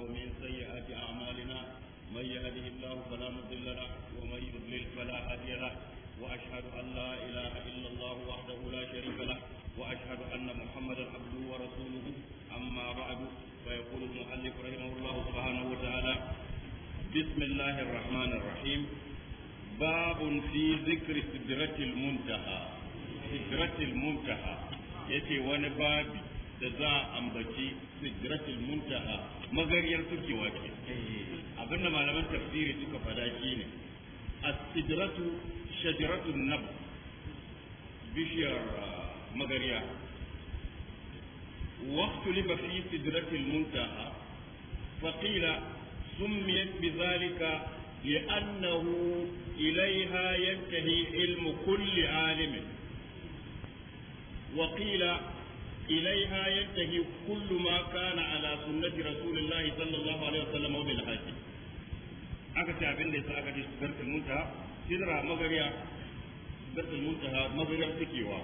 ومن سيئات أعمالنا من يهده الله فلا مضل له ومن يضلل فلا هادي له وأشهد أن لا إله إلا الله وحده لا شريك له وأشهد أن محمدا عبده ورسوله أما بعد فيقول المؤلف رحمه الله سبحانه وتعالى بسم الله الرحمن الرحيم باب في ذكر سدرة المنتهى سدرة المنتهى يتي ونبابي da za a ambaci sigratul muntaha magariyar suke wace eh. abin da malaman tafsiri suka fada shi ne a sigratu shajaratul nab bishiyar ah, magariya waktu liba fi sigratul zalika, faƙila sumiyat bizalika لأنه إليها ينتهي علم كل عالم وقيل إليها ينتهي كل ما كان على سنة رسول الله صلى الله عليه وسلم وبالحج أكثر من ذلك أكثر سبرت المنتهى سنرى مغرية سبرت المنتهى مغرية تكيوا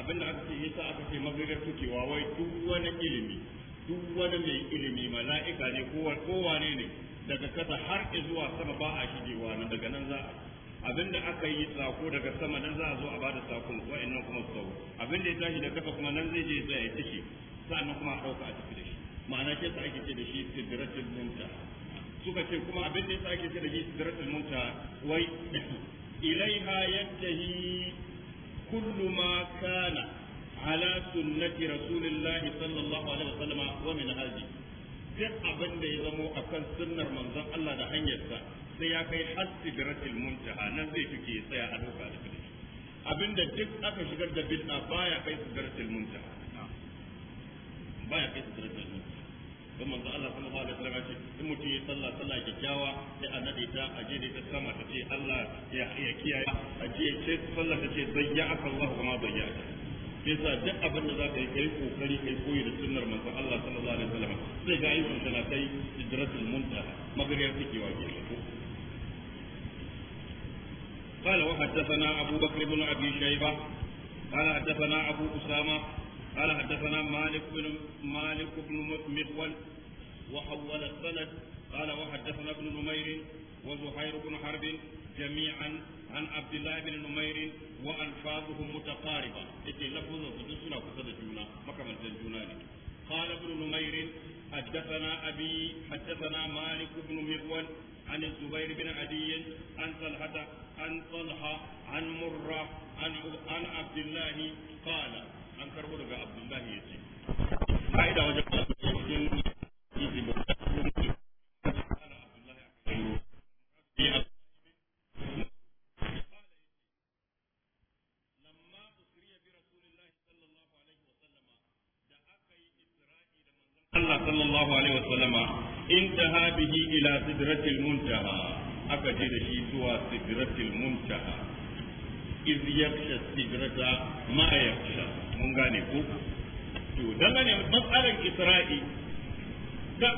abin da aka ce yasa aka ce mabigar tukewa wai duk wani ilimi duk wani mai ilimi mala'ika ne kowa ne daga kasa har zuwa sama ba a shigewa na daga nan za Abin da aka yi sako daga sama nan za a zo a bada sakon wa'annan kuma su Abin da ya tashi da kafa kuma nan zai je ya tashi sa'annan kuma a ɗauka a tafi da shi ma'ana ke sa ake ce da shi sidratul munta suka ce kuma da ya sa ake ce da shi sidratul munta wai ilaiha yattahi kullu ma kana ala sunnati rasulillahi sallallahu alaihi wasallam wa min hadi duk abin da ya zamo akan sunnar manzon Allah da hanyarsa sai ya kai har sidratil muntaha nan zai fike tsaya a doka da kudi abinda duk aka shigar da bid'a baya kai sidratil muntaha baya kai sidratil muntaha don manzo Allah sallallahu alaihi wasallam ce in mutum ya salla sallah kyakkyawa sai a nade ta a je da ta sama ta ce Allah ya ya kiyaye a je ce sallah ta ce zayya Allah kuma zayya yasa duk abin da zaka yi kai kokari kai koyi da sunnar manzo Allah sallallahu alaihi wasallam sai ga ayyukan kana kai sidratul muntaha magariya take wa ko قال وحدثنا أبو بكر بن أبي شيبة قال حدثنا أبو أسامة قال حدثنا مالك بن مالك بن مغول وحول السند قال وحدثنا ابن نمير وزهير بن حرب جميعا عن عبد الله بن نمير وألفاظهم متقاربة إتي لفظ الجسر وقصد الجنة مكمل الجنة قال ابن نمير حدثنا أبي حدثنا مالك بن مغول عن الزبير بن عدي عن طلحة عن طلحة عن مرة عن عن عبد الله قال عن كربلة عبد الله يجي. ila sidratil muntaha aka je da shi zuwa sidratil muntaha iz yaksha sidrata ma yaksha mun gane ko to dangane matsalan isra'i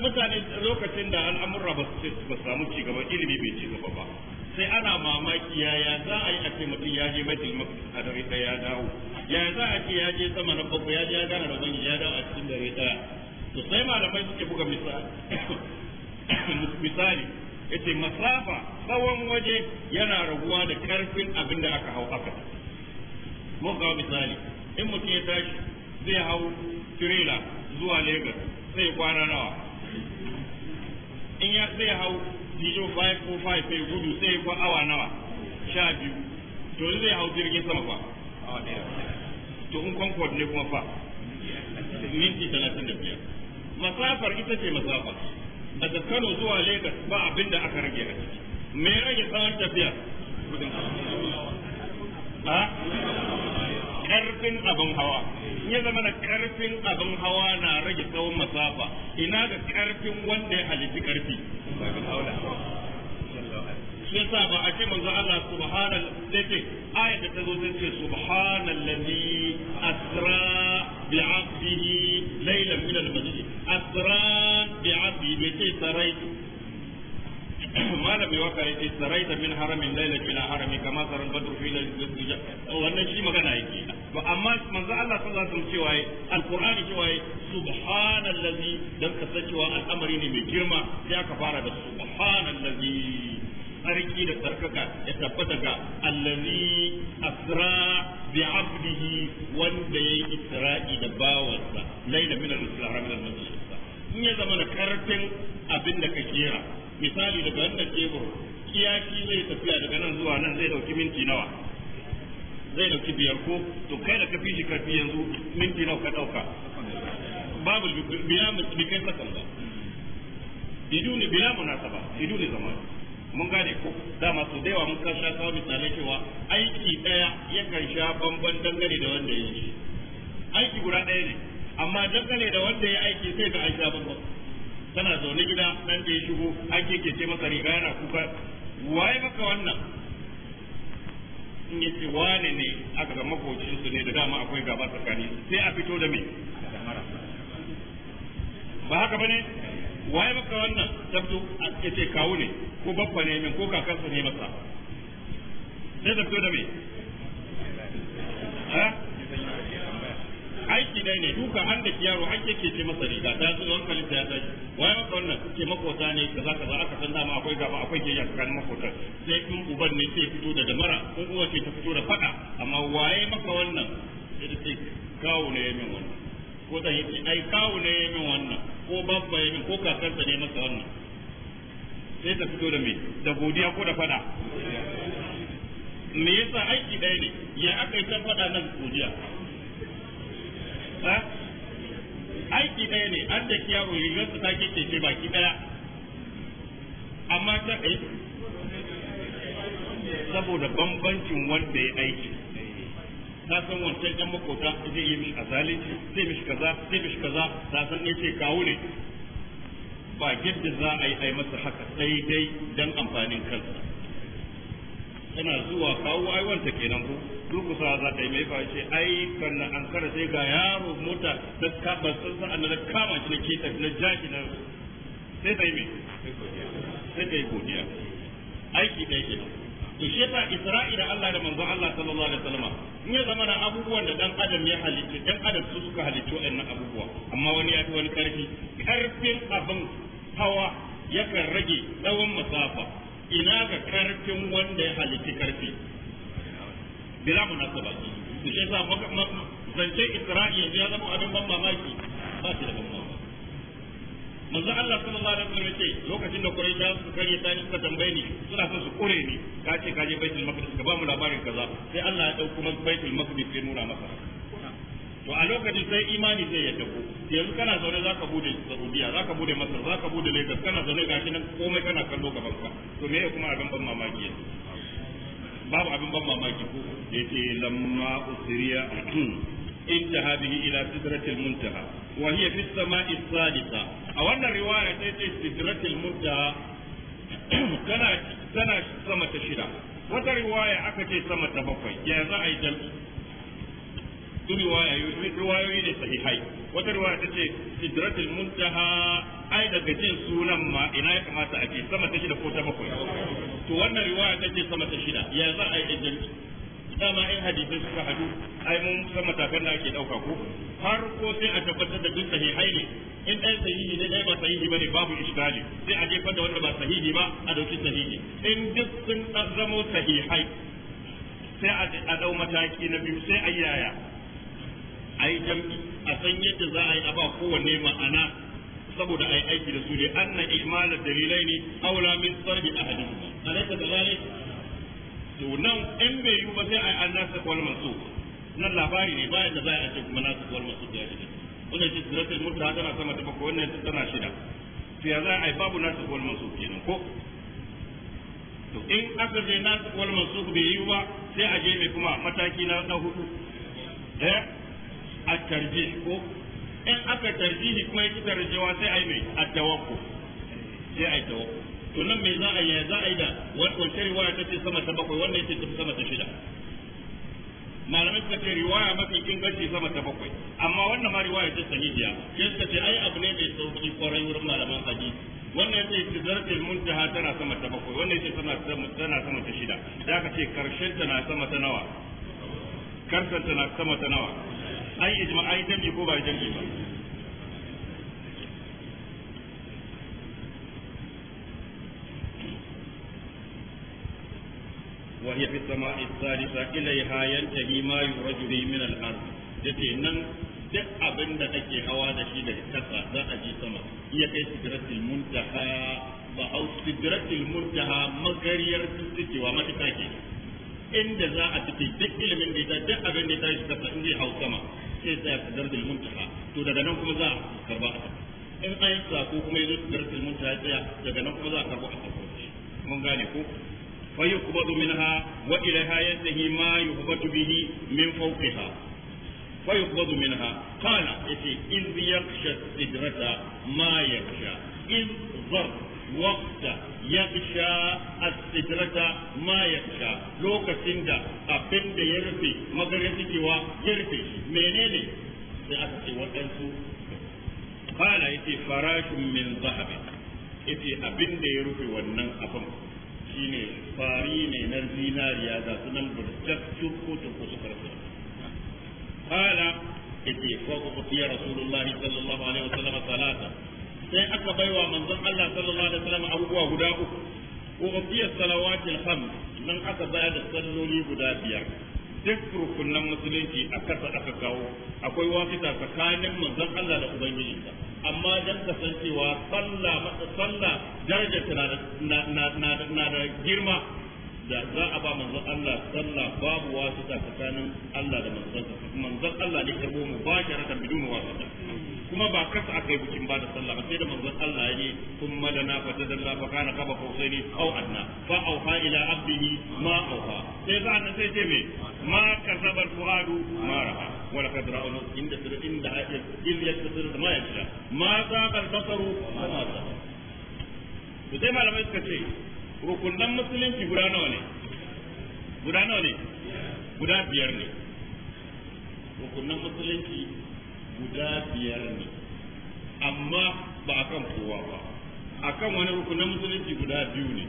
mutane lokacin da al'amurra ba su samu ci gaba ilimi bai ci gaba ba sai ana mamaki yaya za a yi a ce mutum ya je mai maqdis a dare ɗaya ya dawo ya za a ce ya je sama na bakwai ya je ya gana da ubangiji ya dawo a cikin dare ɗaya to sai malamai suke buga misali misali yace masafa tsawon waje yana raguwa da karfin abin da aka hau aka mun ga misali in mutum ya tashi zai hau tirela zuwa Lagos sai kwana nawa in ya zai hau Dijo 545 sai gudu sai kwa awa nawa sha biyu to zai hau jirgin sama fa to in Concord ne kuma fa minti 35 masafar ita ce masafar daga Kano zuwa Lagos ba abin da aka rage a ciki me rage tsawon tafiya karfin abin hawa ya zama da karfin abin hawa na rage tsawon masafa ina ga karfin wanda ya halitti karfi shi sa ba a ce manzo Allah subhanal sai ce ayat ta zo ce asra بعبده ليلا من المسجد أسرى بعبده بيتي سريت malam mai waka yake saraita min haramin lailan ila harami kama saran badru fi amma manzo Allah sallallahu alaihi wasallam cewa alqur'ani cewa subhanallazi dan kasancewa al'amari ne mai girma sai aka fara da subhanallazi tsarki da tsarkaka ya tabbata ga allazi asra bi abdihi wanda yayi isra'i da bawansa laila min al islam min al-masjid in ya zama karfin abin da ka kera misali daga wannan tebur kiyaki zai tafiya daga nan zuwa nan zai dauki minti nawa zai dauki biyar ko to kai da kafi shi kafi yanzu minti nawa ka dauka babu biya mutum kai sakan ba biduni bila munasaba biduni zamani mun gane ko dama su da yawa mun kan sha kawo misalai cewa aiki daya yakan sha bamban dangane da wanda ya yi aiki guda daya ne amma dangane da wanda ya aiki sai ga aiki bamban tana zaune gida dan da ya shigo ake ke ce masa riga yana kuka waye maka wannan in yace wane ne aka ga makocin su ne da dama akwai gaba tsakani sai a fito da me ba haka bane waye maka wannan tabto a ce kawo ne ko babba ne min ko kakansa ne masa sai to da me aiki dai ne duka an da yaro an yake ce masa riga ta zo hankalin ta ya tashi waye maka wannan ce makota ne ka za aka san dama akwai gaba akwai ke yakan makota sai kun uban ne sai fito da damara ko uwa ce ta fito da fada amma waye maka wannan sai kawo ne min wannan ko da yake ai kawo ne min wannan ko babba ya ko kakarsa ne masa wannan sai ta fito da me da godiya ko da fada me yasa aiki ɗaya ne ya aka yi ta fada nan godiya aiki ɗaya ne an da yaro rigarsa ta kike ce baki ɗaya amma ta eh? saboda bambancin wanda ya aiki ka san wancan ɗan makota zai yi min azalici zai mishi kaza zai mishi kaza ta san ne ce kawo ne ba gidda za a yi ai masa haka daidai don amfanin kansa tana zuwa kawo ai wanta kenan ko sa za ta yi mai fashe ai na an kara sai ga yaro mota da kaba san sa'an da kama shi na keta na jaki na sai ta yi mai sai ta yi godiya aiki ɗaya kenan to shi yasa isra'i da Allah da manzon Allah sallallahu alaihi wasallam in ya zama abubuwan da dan adam ya halicci dan adam su suka halicci wannan abubuwa amma wani ya fi wani karfi karfin abin hawa yakan rage tsawon masafa ina ga karfin wanda ya halicci karfi bila munasaba to shi yasa zance isra'i ya zama abin ban mamaki ba shi da ban manzo Allah sallallahu alaihi wasallam yace lokacin da Quraysh suka kare ta ni suka tambaye ni suna son su kore ni ka ce ka je Baitul Maqdis ka ba mu labarin kaza sai Allah ya dauko maka Baitul Maqdis ya nuna maka to a lokacin sai imani zai ya dauko yanzu kana zaune zaka bude Saudiya zaka bude Masar zaka bude Lagos kana zaune gashi nan komai kana kallo gaban ka to me ya kuma abin ban mamaki babu abin ban mamaki ko yace lamma usriya intaha bihi ila sidratil muntaha wa hiya fi samai sadisa a riwaya sai ce sidratil muntaha tana tana sama ta shida wata riwaya aka ce sama ta bakwai ya za a yi dalil riwayoyi ne sahihai wata riwaya ta ce sidratul muntaha ai daga jin sunan ma ina ya kamata a sama ta shida ko ta riwaya ce sama ta shida dama in hadisai suka hadu ai mun san matakan da ake dauka ko har ko sai a tabbatar da duk sahihai ne in ɗan sahihi ne ɗaya ba sahihi bane babu iskali sai a jefar da wanda ba sahihi ba a dauki sahihi in duk sun zamo sahihai sai a dau mataki na biyu sai a yaya a yi jam'i a san yadda za a yi a ba kowanne ma'ana saboda a yi aiki da su ne an na dalilai ne aula min sarbi ahadin alaika da zalik to nan in bai yi ba sai a an nasa kwal masu nan labari ne bayan da za a ce kuma nasa kwal masu ya shiga wannan ce siratul mutla tana sama ta bakwai wannan tana shida to ya za a yi babu nasu kwal masu kenan ko to in aka je nasa kwal masu bai yi ba sai a je mai kuma mataki na na hudu eh a tarji ko in aka tarjihi kuma yake tarjewa sai a yi mai a ko sai a yi ko. to nan me za a yi za a yi da wacce riwaya ta ce sama ta bakwai wannan yake tafi sama ta shida malamai suka ce riwaya mafi inganci sama ta bakwai amma wannan ma riwaya ta biya sai suka ce ai abu ne mai sauki kwarai wurin malaman hadisi wannan yace tijartul muntaha tana sama ta bakwai wannan yace sama tana sama ta shida da aka ce karshen ta na sama ta nawa karshen ta na sama ta nawa ai ijma ai dami ko ba dami ba وهي في السماء الثالثة إليها ينتهي ما يرج به من الأرض يتي نن duk abin da kake hawa da shi daga kasa za a ji sama iya kai sidratul muntaha ba au sidratul muntaha magariyar tukewa mafita ke inda za a tuke duk da ya duk da ya tashi kasa in zai hau sama sai sai sidratul muntaha to daga nan kuma za a karba a in an yi sako kuma ya zo sidratul muntaha tsaya daga nan kuma za a karba a mun gane ko فيقبض منها وإليها ينتهي ما يقبض به من فوقها فيقبض منها قال إذ يخشى السدرة ما يخشى إذ ضرب وقت يخشى السدرة ما يخشى لوكسين دا أبن يرفي مغرفي كوا يرفي منين سأتي وتنسو قال إذ فراش من ذهب إذ أبن يرفي ونن أفهم shi ne fari ne na zinariya ga sunan burtattun kotun kusa karfi kala ita ko ko kutiya rasulullahi sallallahu alaihi wa sallam salata sai aka baiwa manzon Allah sallallahu alaihi wa sallam abubuwa guda uku ko kutiya salawatil ham nan aka baya da sannoni guda biyar duk rukunan musulunci aka aka kawo akwai wafita tsakanin manzon Allah da ubangijinsa amma dan kasancewa sallah masa sallah darajar na na da girma da za a ba manzon Allah sallah babu wasu tsakanin Allah da manzon manzon Allah ne karbo mu ba shi rata bidun wasata kuma ba kasa aka yi bikin ba da sallah ba sai da manzon Allah ya yi kuma da na fata da Allah fa kana kaba ni au adna fa fa ila abdihi ma auha sai za ta sai ce me ma kasabar fuadu ma raha ولقد رأوا لوط عند إن إذ يبتصر ما يشاء ما ذاق البصر وما ذاق sai malamai suka ce rukunan musulunci guda nawa ne guda nawa ne guda biyar ne rukunan musulunci guda biyar ne amma ba a kan kowa ba a kan wani rukunan musulunci guda biyu ne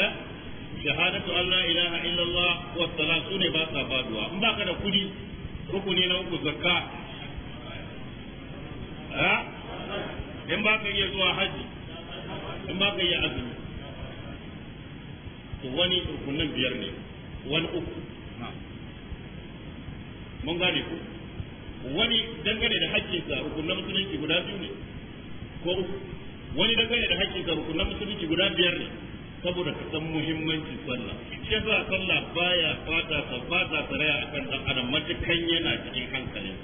eh shahadatu an la ilaha illallah wa salatu in baka da kudi Uku ne na uku zakka ha in ba ka iya zuwa haji in ba ka iya azumi to wani rukunin biyar ne wani uku mun gane ku wani dangane da haƙƙinsa rukunin musulunci guda biyu ne ko uku wani dangane da haƙƙinsa rukunin musulunci guda biyar ne saboda ka san muhimmanci sallah shi yasa sallah baya fata ta fata tsaraya akan dan adam matukan yana cikin hankalin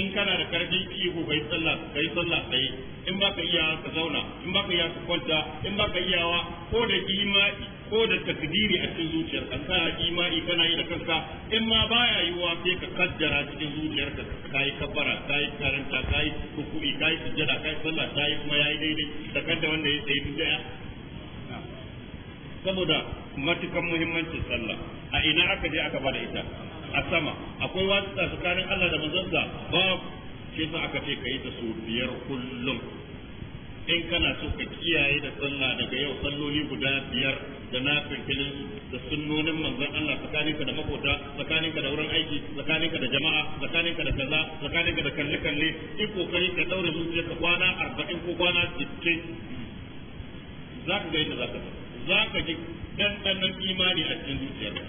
in kana da karfin ihu kai sallah kai sallah kai in ka iya ka zauna in ba ka iya ka kwanta in ba ka iyawa ko da imani ko da takdiri a cikin zuciyar ka sa imani kana yi da kanka in ma baya yiwuwa sai ka kaddara cikin zuciyar ka kai kafara kai karanta kai kukuri kai sujjada kai sallah kai kuma yayi daidai da kanta wanda ya yi daya saboda matukan muhimmancin sallah a ina aka je aka bada ita a sama akwai watsa tsakanin Allah da manzonsa ba shi sa aka ce kai ta su biyar kullum in kana so ka kiyaye da sallah daga yau salloli guda biyar da na fikirin da sunnonin manzon Allah tsakaninka da makota tsakaninka da wurin aiki tsakaninka da jama'a tsakaninka da kaza tsakaninka da kalle kalle in kokari ka daure zuciyarka kwana 40 ko kwana 60 zaka ga yadda zaka za ka ji ɗanɗanon imani a cikin zuciyarka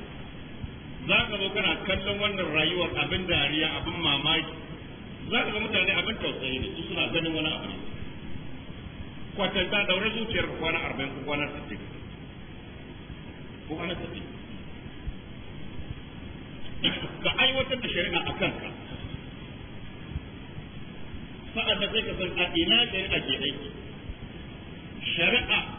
za ka zo kana kallon wannan rayuwar abin dariya abin mamaki za ka ga mutane abin tausayi ne su suna ganin wani abu ne kwatanta daure zuciyar kwana arba'in ko kwana sittin ko kwana sittin ka aiwatar da shari'a a kanka sa'ad da sai ka san a ina shari'a ke aiki shari'a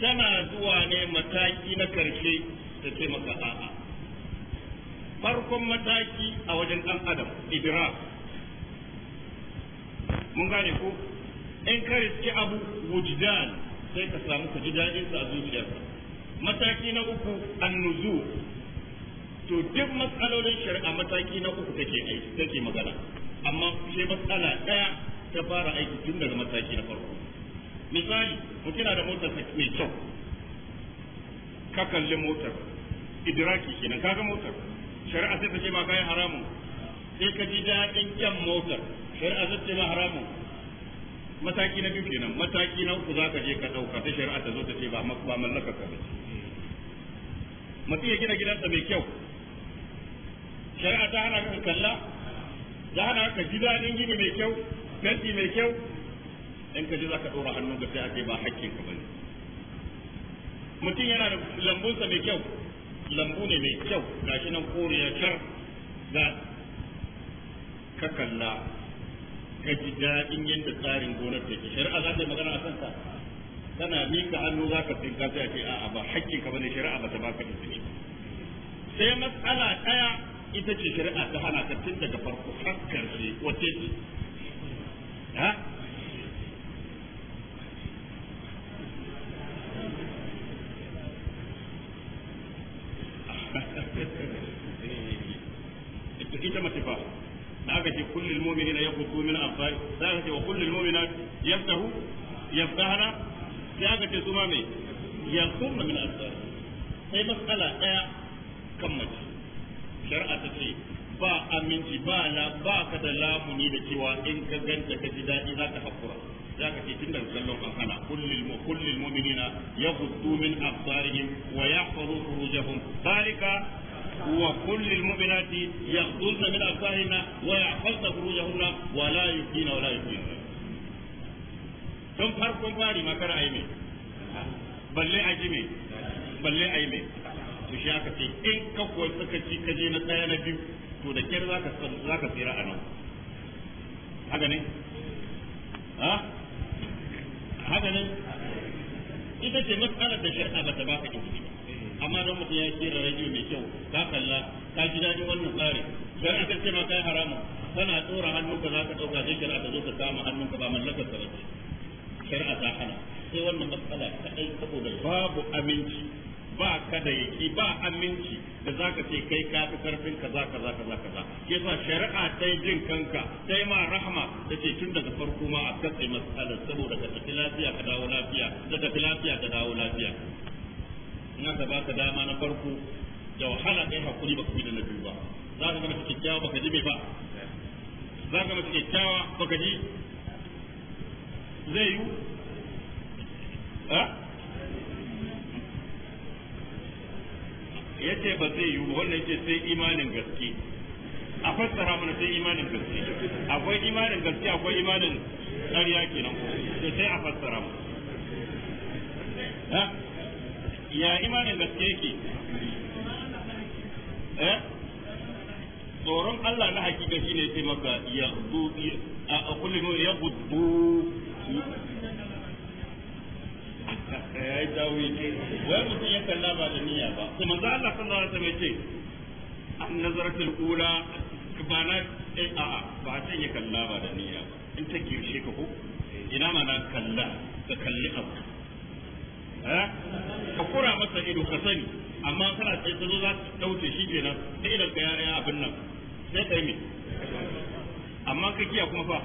tana zuwa ne mataki na karshe ta ce maka a'a farkon mataki a wajen ɗan adam idra mun gane ku, in ka riski abu wujdan sai ka samu ka ji dadin sa a zuciya. mataki na uku annuzu to duk matsalolin shari'a mataki na uku take aiki take magana amma sai matsala ɗaya ta fara aiki tun daga mataki na farko misali mutum na da motar mai kyau ka kalli motar idiraki kenan kaga motar shari'a sai ta ce ma kayan haramun sai ka ji daɗin kyan motar shari'a sai ta ce ma haramun mataki na biyu kenan mataki na uku zaka je ka ɗauka, ta shari'a ta zo ta ce ba ba mallaka ka bace mutum ya gina gidansa mai kyau shari'a ta hana ka kalla ta hana ka ji daɗin gini mai kyau fenti mai kyau in ka ji za ka ɗora hannun ka sai a ce ba hakkin ka bane mutum yana da lambunsa mai kyau lambu ne mai kyau gashi nan koriya shar ga ka kalla ka ji daɗin yadda tsarin gonar ta ke shari'a za ta yi magana a kanka tana mika hannu za ka tsinka sai a ce a'a ba hakkin ka bane shari'a ba ta baka izini sai matsala ɗaya ita ce shari'a ta hana ka tun daga farko har karshe wace ce to ita mace fa ce kullul mu'minina yaqutu min ce kullul mu'minat yaftahu yaftahana sai ce me min sai daya kan mace shar'a ta ce ba aminci ba la ba ka da lamuni da cewa in ka ganta ka ji daɗi za ka hakura za ka ce tun daga kallon an hana kullul mu'minina yaghuddu min absarihim wa yahfazu furujahum zalika وكل المؤمنات ya من أبصارهن ويحفظن فروجهن ولا يبدين ولا يبدين don farkon fari makar a yi mai balle a ji mai balle a yi mai su shi aka ce ka kuwa suka ci ka je na tsaya na biyu to da kyar za ka tsira a nan haka ne matsalar ba amma don mutum ya kera rediyo mai kyau ka kalla ka ji daɗin wannan tsari don aka ce ma kai harama kana tsora hannunka za ka ɗauka sai kira ka zo ka kama hannunka ba mallakar ka bace shari'a ta hana sai wannan matsala kaɗai saboda babu aminci ba ka da yaki ba aminci da za ka ce kai ka fi karfin za ka za ke sa shari'a ta yi jin kanka ta yi ma rahama ta ce tun daga farko ma a katse matsalar saboda ka tafi lafiya ka dawo lafiya ka tafi lafiya ka dawo lafiya in ba baka dama na farko da wahala kai hakuri ba bi da na biyu ba za ka cikin kyawa kyakkyawa baka ji mai ba za ka mace kyakkyawa baka ji zai yi ya ce ba zai yi wannan ce sai imanin gaske a fassara mana sai imanin gaske akwai imanin gaske akwai imanin ƙarya kenan sai a fassara mana ya imanin gaske yake eh tsoron Allah na hakika shine yake maka ya du a kullu ya buddu eh, ya yi dawi wai mutum ya kalla ba da niyya ba Kuma za Allah sallallahu alaihi wasallam yace an ula ba na eh, a ba ta ya kalla ba da niyya ba in ta girshe ka ko ina mana kalla ka kalli abu Eh? ka kura masa ido ka sani amma kana sai ta zo za ka dauce shi kenan sai da ka yaya abin nan sai ka yi me amma ka kiya kuma fa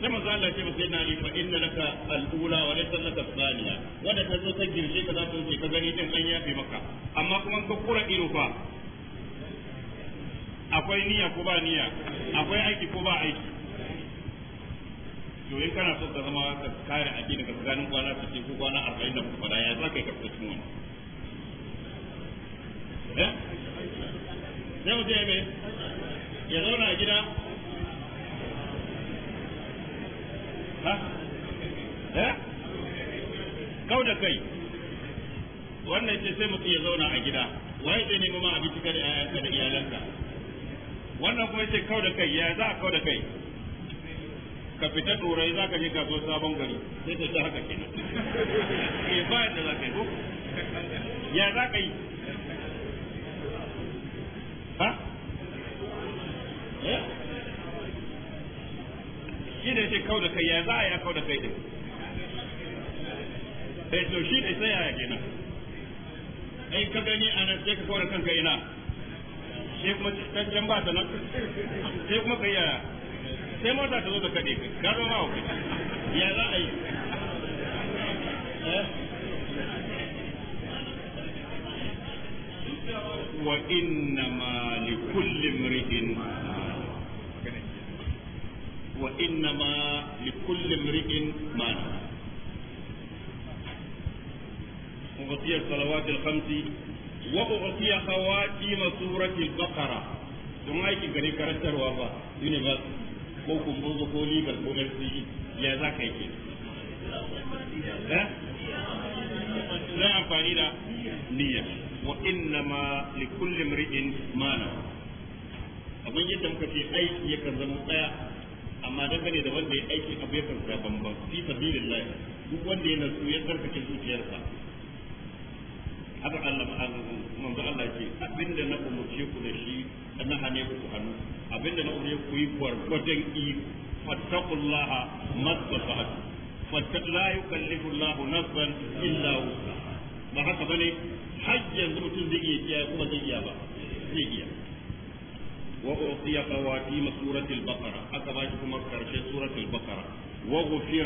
sai manzo Allah ce na yi fa inna laka al-ula wa laysa laka thaniya wanda ka zo ta girshe ka za ta wuce ka gani din an yafe maka amma kuma ka kura ido fa akwai niyya ko ba niyya akwai aiki ko ba aiki to yi kana so ka zama ka kare aki daga tsakanin kwana su ce ko kwana arba'in da kuma ya za ka yi karɓi cikin wani. Zai eh? mutum ya mai ya zauna a gida ha? Eh? Kau da kai wannan ce sai mutum ya zauna a gida waye zai nemi ma abinci da iyalanka wannan kuma ce kau da kai ya za a kau da kai ka fita zaka za ka je sabon gari sai ka ta haka kenan ke ba yadda za ka yi ko ya za ka yi ha eh? shi ne ce kau da kai ya za a ya kau da kai din eh to shi ne sai ya kenan ai ka gani ana sai ka kau da kanka ina sai kuma can ba ta nan sai kuma kai yaya sai mota ta zo da kaɗe ka zo ma ya za a yi wa innama li kulli imri'in wa innama li kulli imri'in ma أعطي الصلوات الخمس وأعطي خواتيم سورة البقرة ثم أيك غريب كرتر وابا يونيفرسال ko kumbuzo ko libar ko fce ya za ka yi ke za eh? amfani da niyya wa inna ma li kulli mri'in ma na abin yadda muka ce aiki kan zama tsaya amma ne da wanda ya aiki abu kan zama bambam fi sabilillah duk wanda ya nasu ya tsarkake zuciyarsa haka Allah manzo Allah ce abinda na umurce ku da shi na hane ku hannu abinda na umurce ku yi gwargwadon iko fattaqullaha mastata'tu fattak la yukallifu Allahu nafsan illa wusa ba haka bane hajjan mutum zai iya kiyaye kuma zai iya ba zai iya وأعطي خواتيم سورة البقرة أتباش كما كرشي سورة البقرة وغفر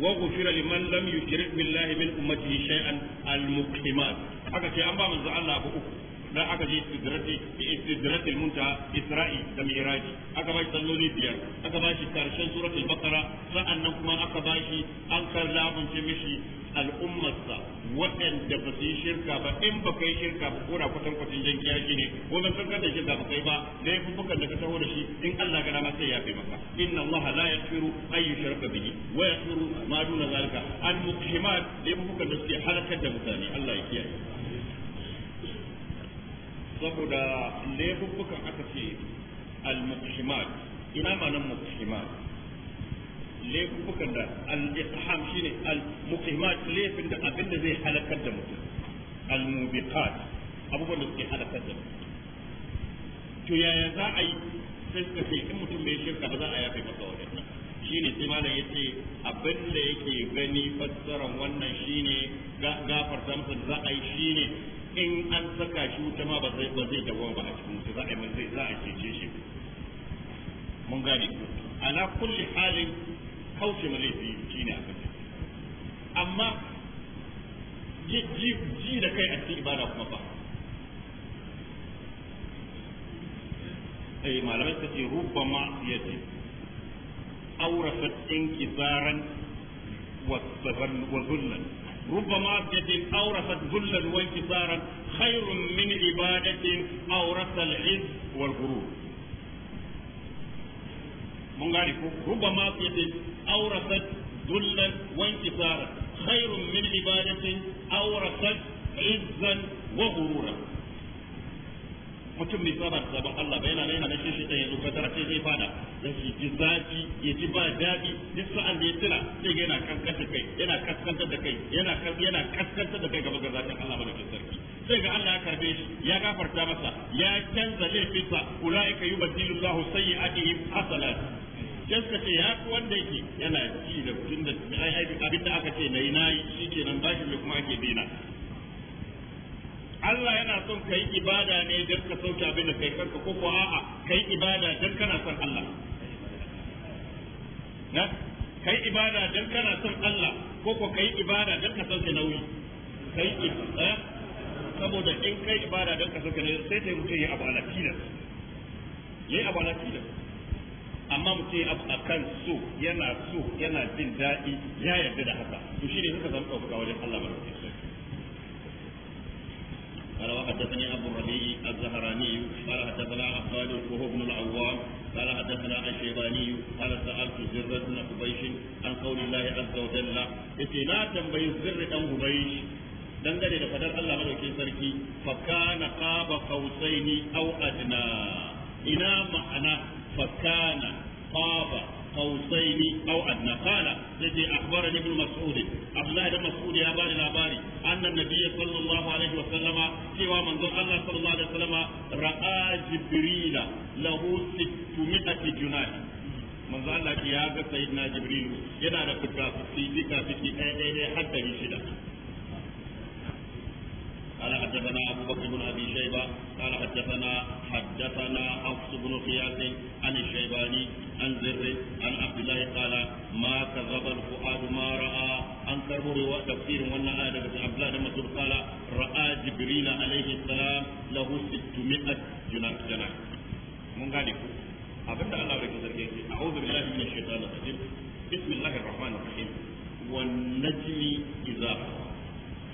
وغفر لمن لم يشرك بالله من أمته شيئا المقيمات haka ce an ba manzo Allah abu uku dan aka je istidrati bi istidrati munta isra'i da miraji aka ba shi salloli biyar aka ba shi karshen suratul baqara sa'annan kuma aka ba shi an karlabunce mishi al'ummarsa waɗanda ba su yi shirka ba in ba kai shirka ba kora kwatan kwatan jan kiyashi ne ko ba san kada shirka ba kai ba da yafi bukan da ka taho da shi in Allah ga ma sai ya fi maka inna Allah la yaghfiru ay yushraka bihi wa yaghfiru ma duna zalika al muqimat da yafi bukan da suke halakar da mutane Allah ya kiyaye saboda laifuffukan aka ce al-muqshimat ina ma nan muqshimat laifuffukan da al-iqham shine al-muqshimat laifin da abin da zai halakar da mutum al-mubiqat abubuwan da suke halakar da mutum to yaya za a yi sai suka ce in mutum bai shirka ba za a yafe masa wajen nan shine sai ma malam yace abin da yake gani fassarar wannan shine gafarta masa za a yi shine in an saka shi wuta ma ba zai ba zai dawo ba a cikin su za a yi za a cece shi mun gane ku ala kulli halin kauce ma laifi shine a kasa amma ji da kai a cikin ibada kuma ba ai malamai suka ce rubba ma yati aurafat inkisaran wa zullan رب معصية أورثت ذلا وانتصارا خير من عبادة أورث العز والغرور من غارك رب معصية أورثت ذلا وانتصارا خير من عبادة أورثت عزا وغرورا mutum ne saba da sabon Allah ba yana nan yana nan shi dan yanzu fatara sai zai fada da shi ji zafi ya ji ba daɗi duk sa'an da ya tira sai ga yana kaskanta kai yana kaskanta da kai yana yana kaskanta da kai gaba ga zatin Allah madaukakin sarki sai ga Allah ya karbe shi ya gafarta masa ya canza laifinsa ulaika yubadilullahu sayyi'atihim hasanat gaska ce ya fi wanda yake yana ci da mutum da abin da aka ce na yi na yi shi kenan bashi da kuma ake bina Allah yana son ka yi ibada ne don ka sauke abin da kai kanka ko ko a'a kai ibada don kana son Allah na kai ibada don kana son Allah ko ko kai ibada don ka sauke nauyi kai ibada eh, saboda in kai ibada don ka sauke nauyi sai sai mutum ya abu ala ya yayi abu ala amma mutum ya abu akan so yana so yana jin daɗi ya yarda da haka to shine suka zama ɗaukaka wajen Allah barkatu قال وحدثني ابو الربيع الزهراني قال حدثنا عباد وهو ابن العوام قال حدثنا الشيباني قال سالت زر بن قبيش عن قول الله عز وجل اتي لا تنبي زر بن قبيش dangane da fadar Allah madaukin sarki fa kana qaba qausaini aw adna ina ma'ana fa kana qaba قوسين أو أدنى قال الذي أخبرني ابن مسعود عبد الله بن مسعود يا باري لاباري أن النبي صلى الله عليه وسلم سوى من الله صلى الله عليه وسلم رأى جبريل له 600 جناح من Allah ya يا سيدنا جبريل yana da fuka fuki fuka fuki ɗaya ɗaya قال حدثنا ابو بكر بن ابي شيبه قال حدثنا حدثنا حفص بن قياس عن الشيباني عن زر عن عبد الله قال ما كذب الفؤاد ما راى عن كربر وتفسير وان هذا عبد الله بن قال راى جبريل عليه السلام له 600 جناح جناح mun gane ku abinda Allah bai kasar yake a'udhu billahi minash shaitanir rajim bismillahir rahmanir rahim wan najmi idza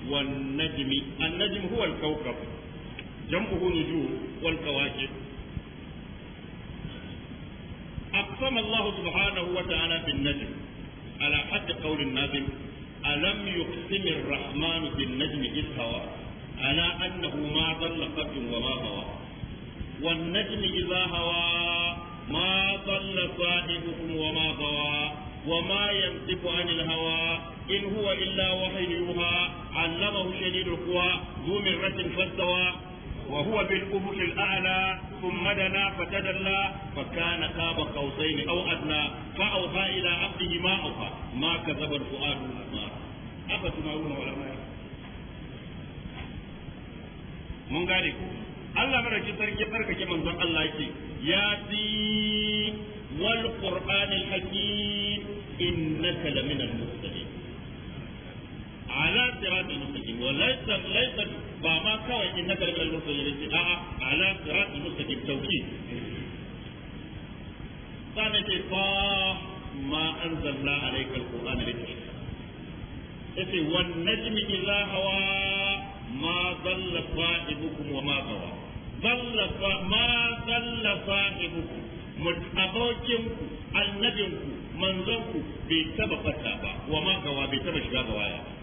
والنجم النجم هو الكوكب جمعه نجوم والكواكب أقسم الله سبحانه وتعالى بالنجم على حد قول الناظم ألم يقسم الرحمن بالنجم إذ هوى على أنه ما ضل قبل وما هوى والنجم إذا هوى ما ضل صاحبكم وما غوى وما ينطق عن الهوى إن هو إلا وحي يوحى علمه شديد القوى ذو مرة فاستوى وهو بالأفق الأعلى ثم دنا فتدلى فكان قاب قوسين أو أدنى فأوحى إلى عبده ما أوحى ما كذب الفؤاد ما أفتمعون ولا ما mun gane ku Allah madaukin sarki sarkake manzon Allah yake ya ti wal qur'anil hakim innaka laminal mursalin ala siratul mustaqim wa laysa laysa ba ma kawai in na karɓar musulmi ne a'a ala siratul mustaqim tauki sana ce fa ma anzalna alayka alqur'ana litashqa yace wan najmi illa hawa ma dalla sa'ibukum wa ma gawa dalla ma dalla sa'ibukum mutabawkinku annabinku manzanku bai taba fata ba wa ma gawa bai taba shiga gawaya ba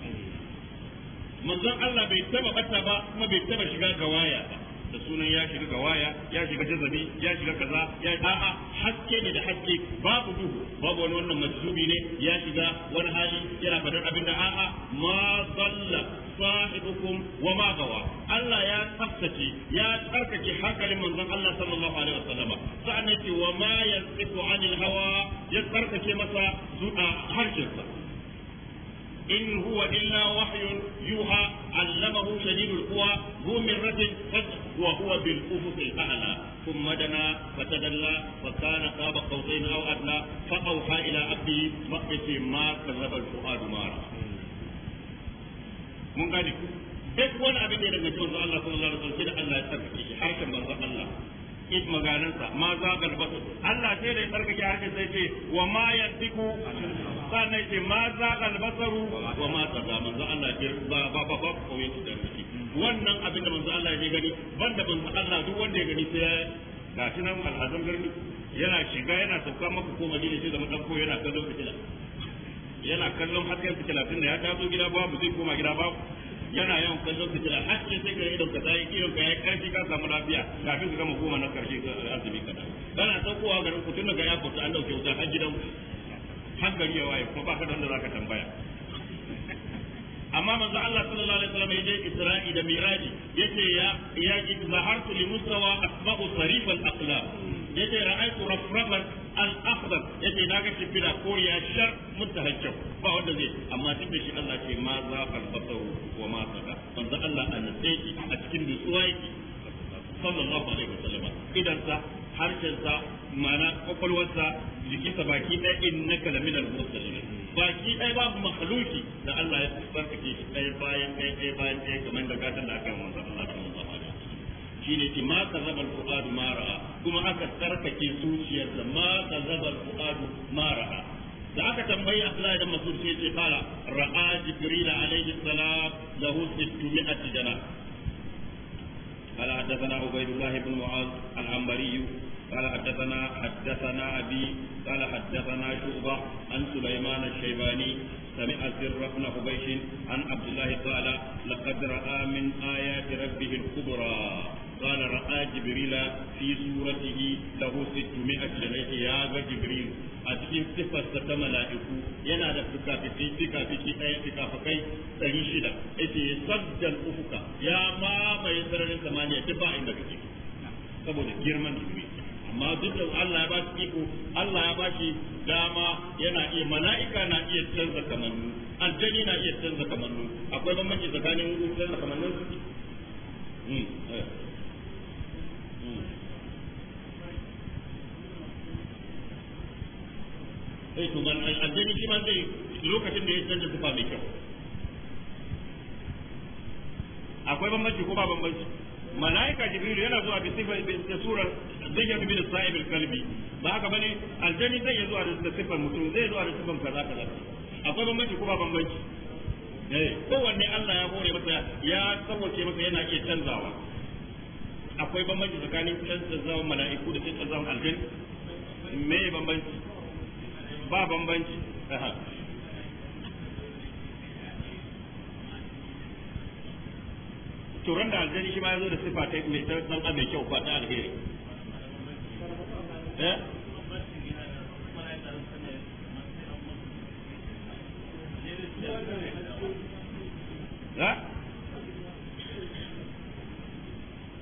manzon Allah bai taba bata ba kuma bai taba shiga gawaya ba da sunan ya shiga gawaya ya shiga jazabi ya shiga kaza ya a'a haske ne da haske babu duhu babu wani wannan majzubi ne ya shiga wani hali yana fadar abin da a'a ma dalla sahibukum wa ma gawa Allah ya tsaftace ya tsarkake hankalin manzon Allah sallallahu alaihi wasallama sa'an yake wa ma yantiqu anil hawa ya tsarkake masa zuwa harshensa إن هو إلا وحي يوحى علمه شديد القوى ذو مرة وهو بالأفق الأعلى ثم دنا فتدلى فكان قاب قوسين أو أدنى فأوحى إلى عبده مقتي ما كذب الفؤاد ما من ذلك duk wani abin da ya danganci wanzu Allah sallallahu alaihi wasallam sai da Allah ya tsarkake shi harshen manzon Allah maganinsa ma za ga Allah sai da ya tsarkake harshe sai ce wa ma yantiku sannan ce ma za ga basaru wa ma tsada manzo Allah ce ba ba ba ba ko yake da shi wannan abin da manzo Allah ya gani banda manzo Allah duk wanda ya gani sai ya gashi nan alhazan garbi yana shiga yana sauka maka ko madina sai da ko yana kallon fitila yana kallon hasken fitila tunda ya taso gida babu zai koma gida babu yana yawan kallon fitila har sai sai ka idon ka sai kiyon ka ya karfi ka samu lafiya kafin ka gama goma na karshe ka azumi ka kana saukowa garin ku tun daga ya fita an dauke wuta har gidan har gari ya waye ko ba ka da wanda zaka tambaya amma manzo Allah sallallahu alaihi wasallam yaje Isra'i da Miraji yace ya ya zahartu li mustawa Asma'u sarif yace ra'aytu rafrafan al-akhdar yace na ga kibira koriya shar mutahajjab ba wanda zai amma duk da shi Allah ce ma za ka basau wa ma sada manzo Allah an sai a cikin nutsuwa yake sallallahu alaihi wasallam idan sa harshen sa mana kokolwar kwakwalwarsa jikinsa baki ɗaya innaka laminal mursalin baki ɗaya babu makhluki da Allah ya tsarkake shi ɗaya bayan ɗaya bayan ɗaya kamar da gatan da aka yi manzo shine ki ma kazaba al-fuad ma ra'a kuma aka tsarkake zuciyar da ma kazaba al-fuad ma ra'a da aka tambayi Abdullah ibn Mas'ud sai ce fara ra'a Jibril alayhi salam lahu 600 jana قال حدثنا عبيد الله بن معاذ العنبري قال حدثنا حدثنا أبي قال حدثنا شعبة عن سليمان الشيباني سمع سر بن حبيش عن عبد الله قال لقد رأى من آيات ربه الكبرى قال رأى جبريل في صورته له ستمائة جنيه يا جبريل a cikin siffarsa ta mala'iku yana da fikafiki fikafiki ɗaya fikafikai ɗari shida yake sabdan ufuka ya mamaye sararin samaniya ta ba inda kake saboda girman amma duk da Allah ya ba shi iko Allah ya ba shi dama yana iya mala'ika na iya canza kamannu aljani na iya canza kamannu akwai bambanci tsakanin kamannin su eh to ban shi ma zai lokacin da ya canza mai kyau akwai bambanci ko ba bambanci malaika jibril yana zuwa bi sifar da surar zai ba haka bane aljani zai zuwa da sifar mutum zai zuwa da sifar kaza kaza akwai bambanci ko ba bambanci eh kowanne Allah ya hore masa ya sauke masa yana iya canzawa akwai bambanci tsakanin tattazawan mala'iku da tattazawan aljani me bambanci ba bambanci turan da aljani shi ma yazo da sifa ta mai tsantsan mai kyau ba ta alheri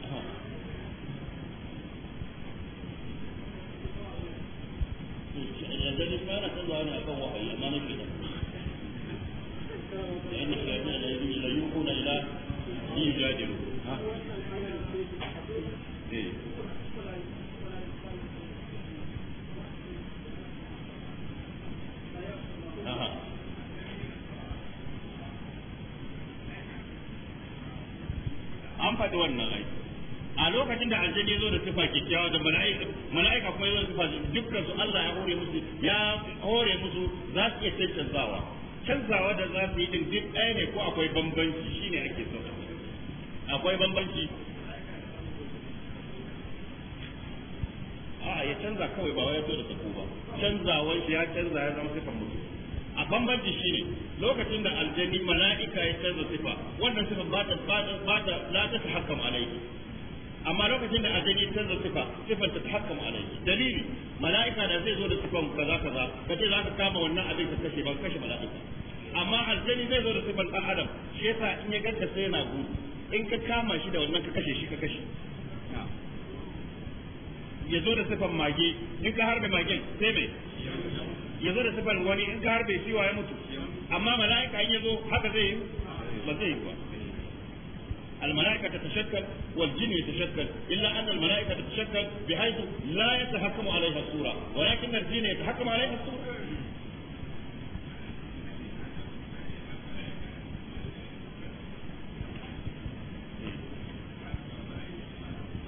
Huh? Eh? الذي كان تدعو أن أكون وحي ما نفيد لأن الشياطين لا يوحون إلى ليجادلوا أها an faɗi wannan ai a lokacin da aljani ya zo da tufa kyakkyawa da mala'ika mala'ika kuma ya zo da tufa dukkan su Allah ya hore musu ya hore musu za su iya canzawa canzawa da za su yi din duk ɗaya ne ko akwai bambanci shine ake so akwai bambanci a ya canza kawai ba wai ya zo da tafi ba canzawan shi ya canza ya zama sifan mutum a bambanci shine lokacin da aljani mala'ika ya canza sifa wannan sifan ba ta ba ta la ta hakkam alaihi amma lokacin da ajali ta zo sifa sifar ta tahakkama alaihi dalili mala'ika da zai zo da sifan kaza kaza kace za ka kama wannan abin ka kashe ban kashe mala'ika amma aljani zai zo da sifan dan adam shi yasa in ya gadda sai yana gudu in ka kama shi da wannan ka kashe shi ka kashe ya zo da sifan mage in ka harbe magen sai mai ya zo da sifan wani in ka harbe shi wa ya mutu amma mala'ika in ya zo haka zai yi ba zai yi ba الملائكة تتشكل والجن يتشكل إلا أن الملائكة تتشكل بحيث لا يتحكم عليها الصورة ولكن الجن يتحكم عليها الصورة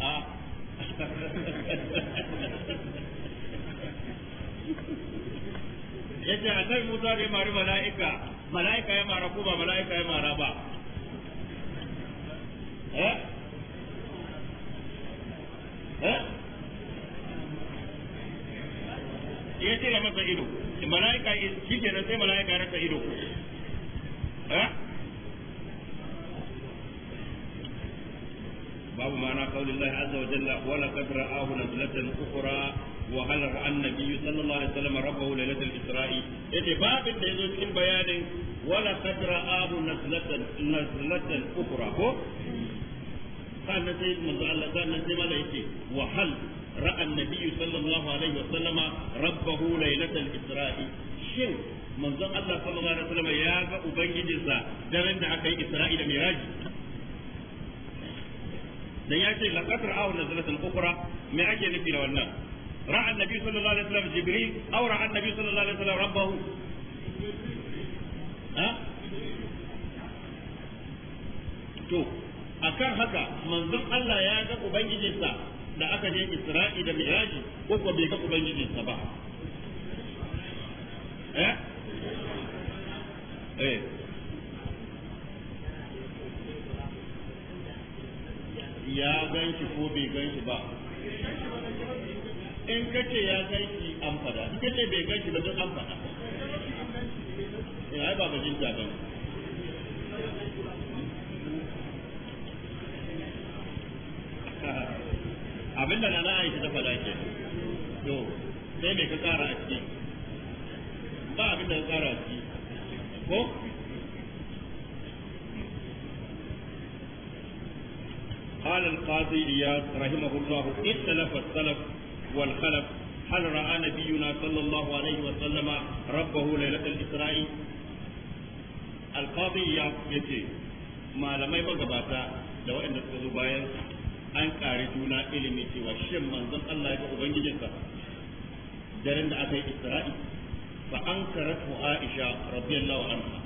آه. yace annabi Musa bai ملائكه ملائكه mala'ika ya mara eh eh ya cire masa ido mala'ika shi kenan sai mala'ika ya rasa ido eh باب معنى قول الله عز وجل ولقد رآه نزلة أخرى وهل رأى النبي صلى الله عليه وسلم ربه ليلة الإسراء يجي باب الدين بيان ولقد رآه نزلة نزلة أخرى هو sannan sai manzo Allah sannan sai mala yake wa hal ra'a annabi sallallahu alaihi wa sallama rabbahu lailatal isra'i shin manzon Allah sallallahu alaihi wa sallama ya ga ubangijinsa daren da aka yi isra'i da miraji dan ya ce laqad ra'ahu nazlatan ukhra me ake nufi da wannan ra'a annabi sallallahu alaihi wa sallam jibril aw ra'a annabi sallallahu alaihi wa sallam rabbahu ha to akan haka manzon Allah ya ga ubangijinsa da aka je Isra'i da Mi'raji ko ko bai ga ubangijinsa ba eh eh ya gan shi ko bai gan shi ba in kace ya gan shi an fada in kace bai gan shi ba zan an fada eh ai ba bajin ta bane abinda na Aisha ta faɗa ke to sai me ka ƙara a ciki ba abinda ka ƙara a ciki ko قال القاضي إياس رحمه الله اختلف السلف والخلف هل رأى نبينا صلى الله عليه وسلم ربه ليلة الإسراء القاضي إياس يتي ما لم يبقى da لو أن zo بايا an ƙari juna ilimi cewa shin manzon Allah ya ga ubangijinsa daren da aka yi isra'i ba an kara ku aisha radiyallahu anha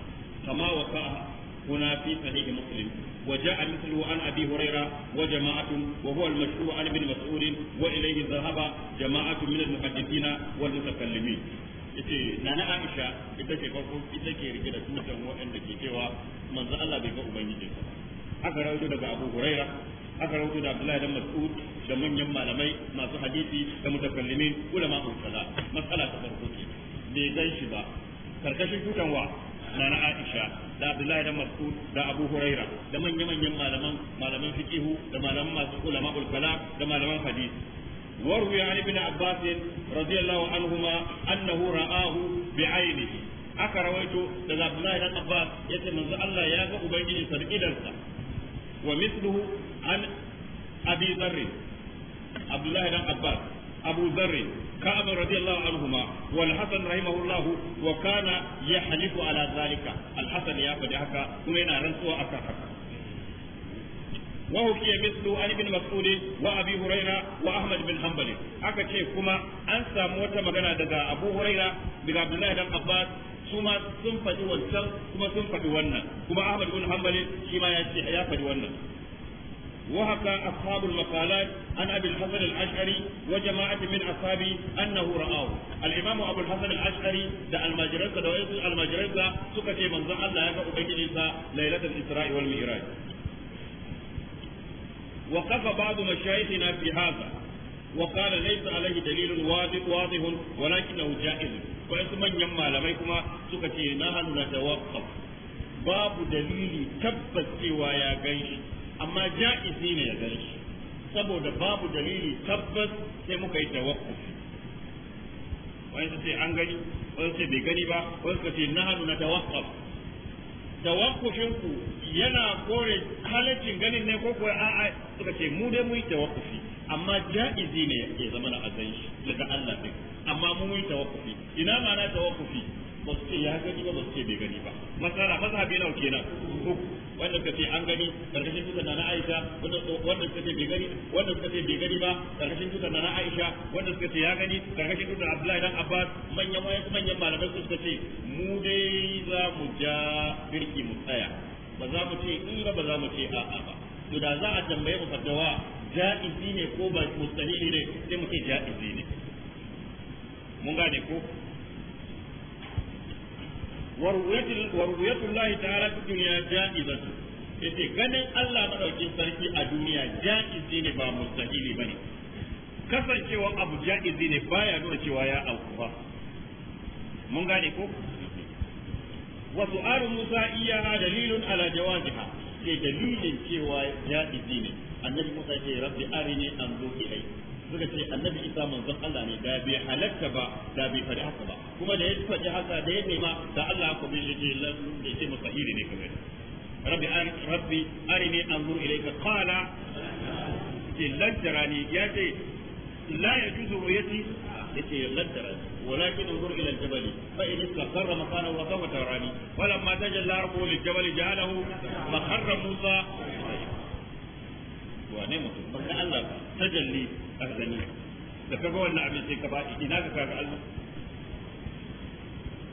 kama wa ka kuna fi sahihi muslim wa ja'a mithlu an abi huraira wa jama'atu wa huwa al mashru an ibn mas'ud wa ilayhi dhahaba jama'atu min al muhaddithina wa al mutakallimin yace nana aisha ita ke farko ita ke rike da sunan wanda ke cewa manzon Allah bai ga ubangijinsa aka rawo daga abu huraira aka rawaito da Abdullahi dan Mas'ud da manyan malamai masu hadisi da mutakallimin ulama ulama matsala ta farko ce bai gan shi ba karkashin tutan wa na Aisha da Abdullahi dan Mas'ud da Abu Huraira da manyan manyan malaman malaman fiqihu da malaman masu ulama ulama da malaman hadisi وروي عن ابن عباس رضي الله عنهما أنه رآه بعينه aka rawaito daga Abdullahi dan Abbas yace manzo Allah ya ga ubangiji sarkidansa ومثله عن أبي ذر عبد الله بن عباس أبو ذر كعب رضي الله عنهما والحسن رحمه الله وكان يحلف على ذلك الحسن يا فدحك ومن رنسوا أكحك وحكي مثل عن ابن مسعود وابي هريره واحمد بن حنبل aka ce kuma an samu wata magana daga Abu Huraira daga Abdullahi dan Abbas su ma sun faɗi wancan kuma sun faɗi wannan kuma Ahmad ibn Hanbal shi ma ya ce ya faɗi wannan وحكى أصحاب المقالات عن أبي الحسن الأشعري وجماعة من أصحابه أنه رآه الإمام أبو الحسن الأشعري ده المجرسة ده المجرسة سكتي من ظهر الله يفعل ليلة الإسراء والمعراج وقف بعض مشايخنا في هذا وقال ليس عليه دليل واضح ولكنه جائز su manyan malamai kuma suka ce na hannu na tawakkaf babu dalili tabbas cewa ya shi amma ja'izi ne ya shi saboda babu dalili tabbas sai muka yi tawakkuf wayansu ce an gani wayansu ce bai gani ba wayansu ce na hannu na tawakkaf tawakkufin ku yana kore halaccin ganin ne ko kuwa a'a suka ce mu dai mu yi tawakkufi amma ja'izi ne ya zama na azan shi daga Allah din amma mun yi tawakkufi ina ma na tawakkufi ba su ce ya gani ba ba su ce bai gani ba masara mazhabi nawa kenan wanda suka ce an gani karkashin tutar na Aisha wanda suka ce bai gani wanda suka ce bai gani ba karkashin tutar na Aisha wanda suka ce ya gani karkashin tutar Abdullahi dan Abbas manyan manyan malamai suka ce mu dai za mu ja birki mu tsaya ba za mu ce in ba za mu ce a'a ba to da za a tambaye mu fadawa ja'izi ne ko ba mustahili ne sai muke ja'izi ne mun gane ko warwiyatul lahi ta'ala fi dunya ja'izatu yace ganin Allah madaukin sarki a duniya ja'izi ne ba mustahili bane kasancewa abu ja'izi ne baya nuna cewa ya auku ba mun gane ko wa su'alu Musa iyaha dalilun ala jawaziha ke dalilin cewa ja'izi ne annabi Musa ce rabbi arini anzu ilai suka ce annabi Isa manzon Allah ne da bai halatta ba da bai faɗi haka ba kuma da ya faɗi haka da ya nema da Allah ku bi shi da ya ce masa iri ne kamar rabbi rabbi arini anzu ilaika qala ce lan ya ce la yajuzu ru'yati yace lan tarani ولكن انظر الى الجبل فان استقر مكانه وسوف تراني فلما تجلى ربه للجبل جعله مخر موسى wane mutum ba ka Allah tajalli a gani da kaga wannan abin sai ka faɗi ina ka kaga Allah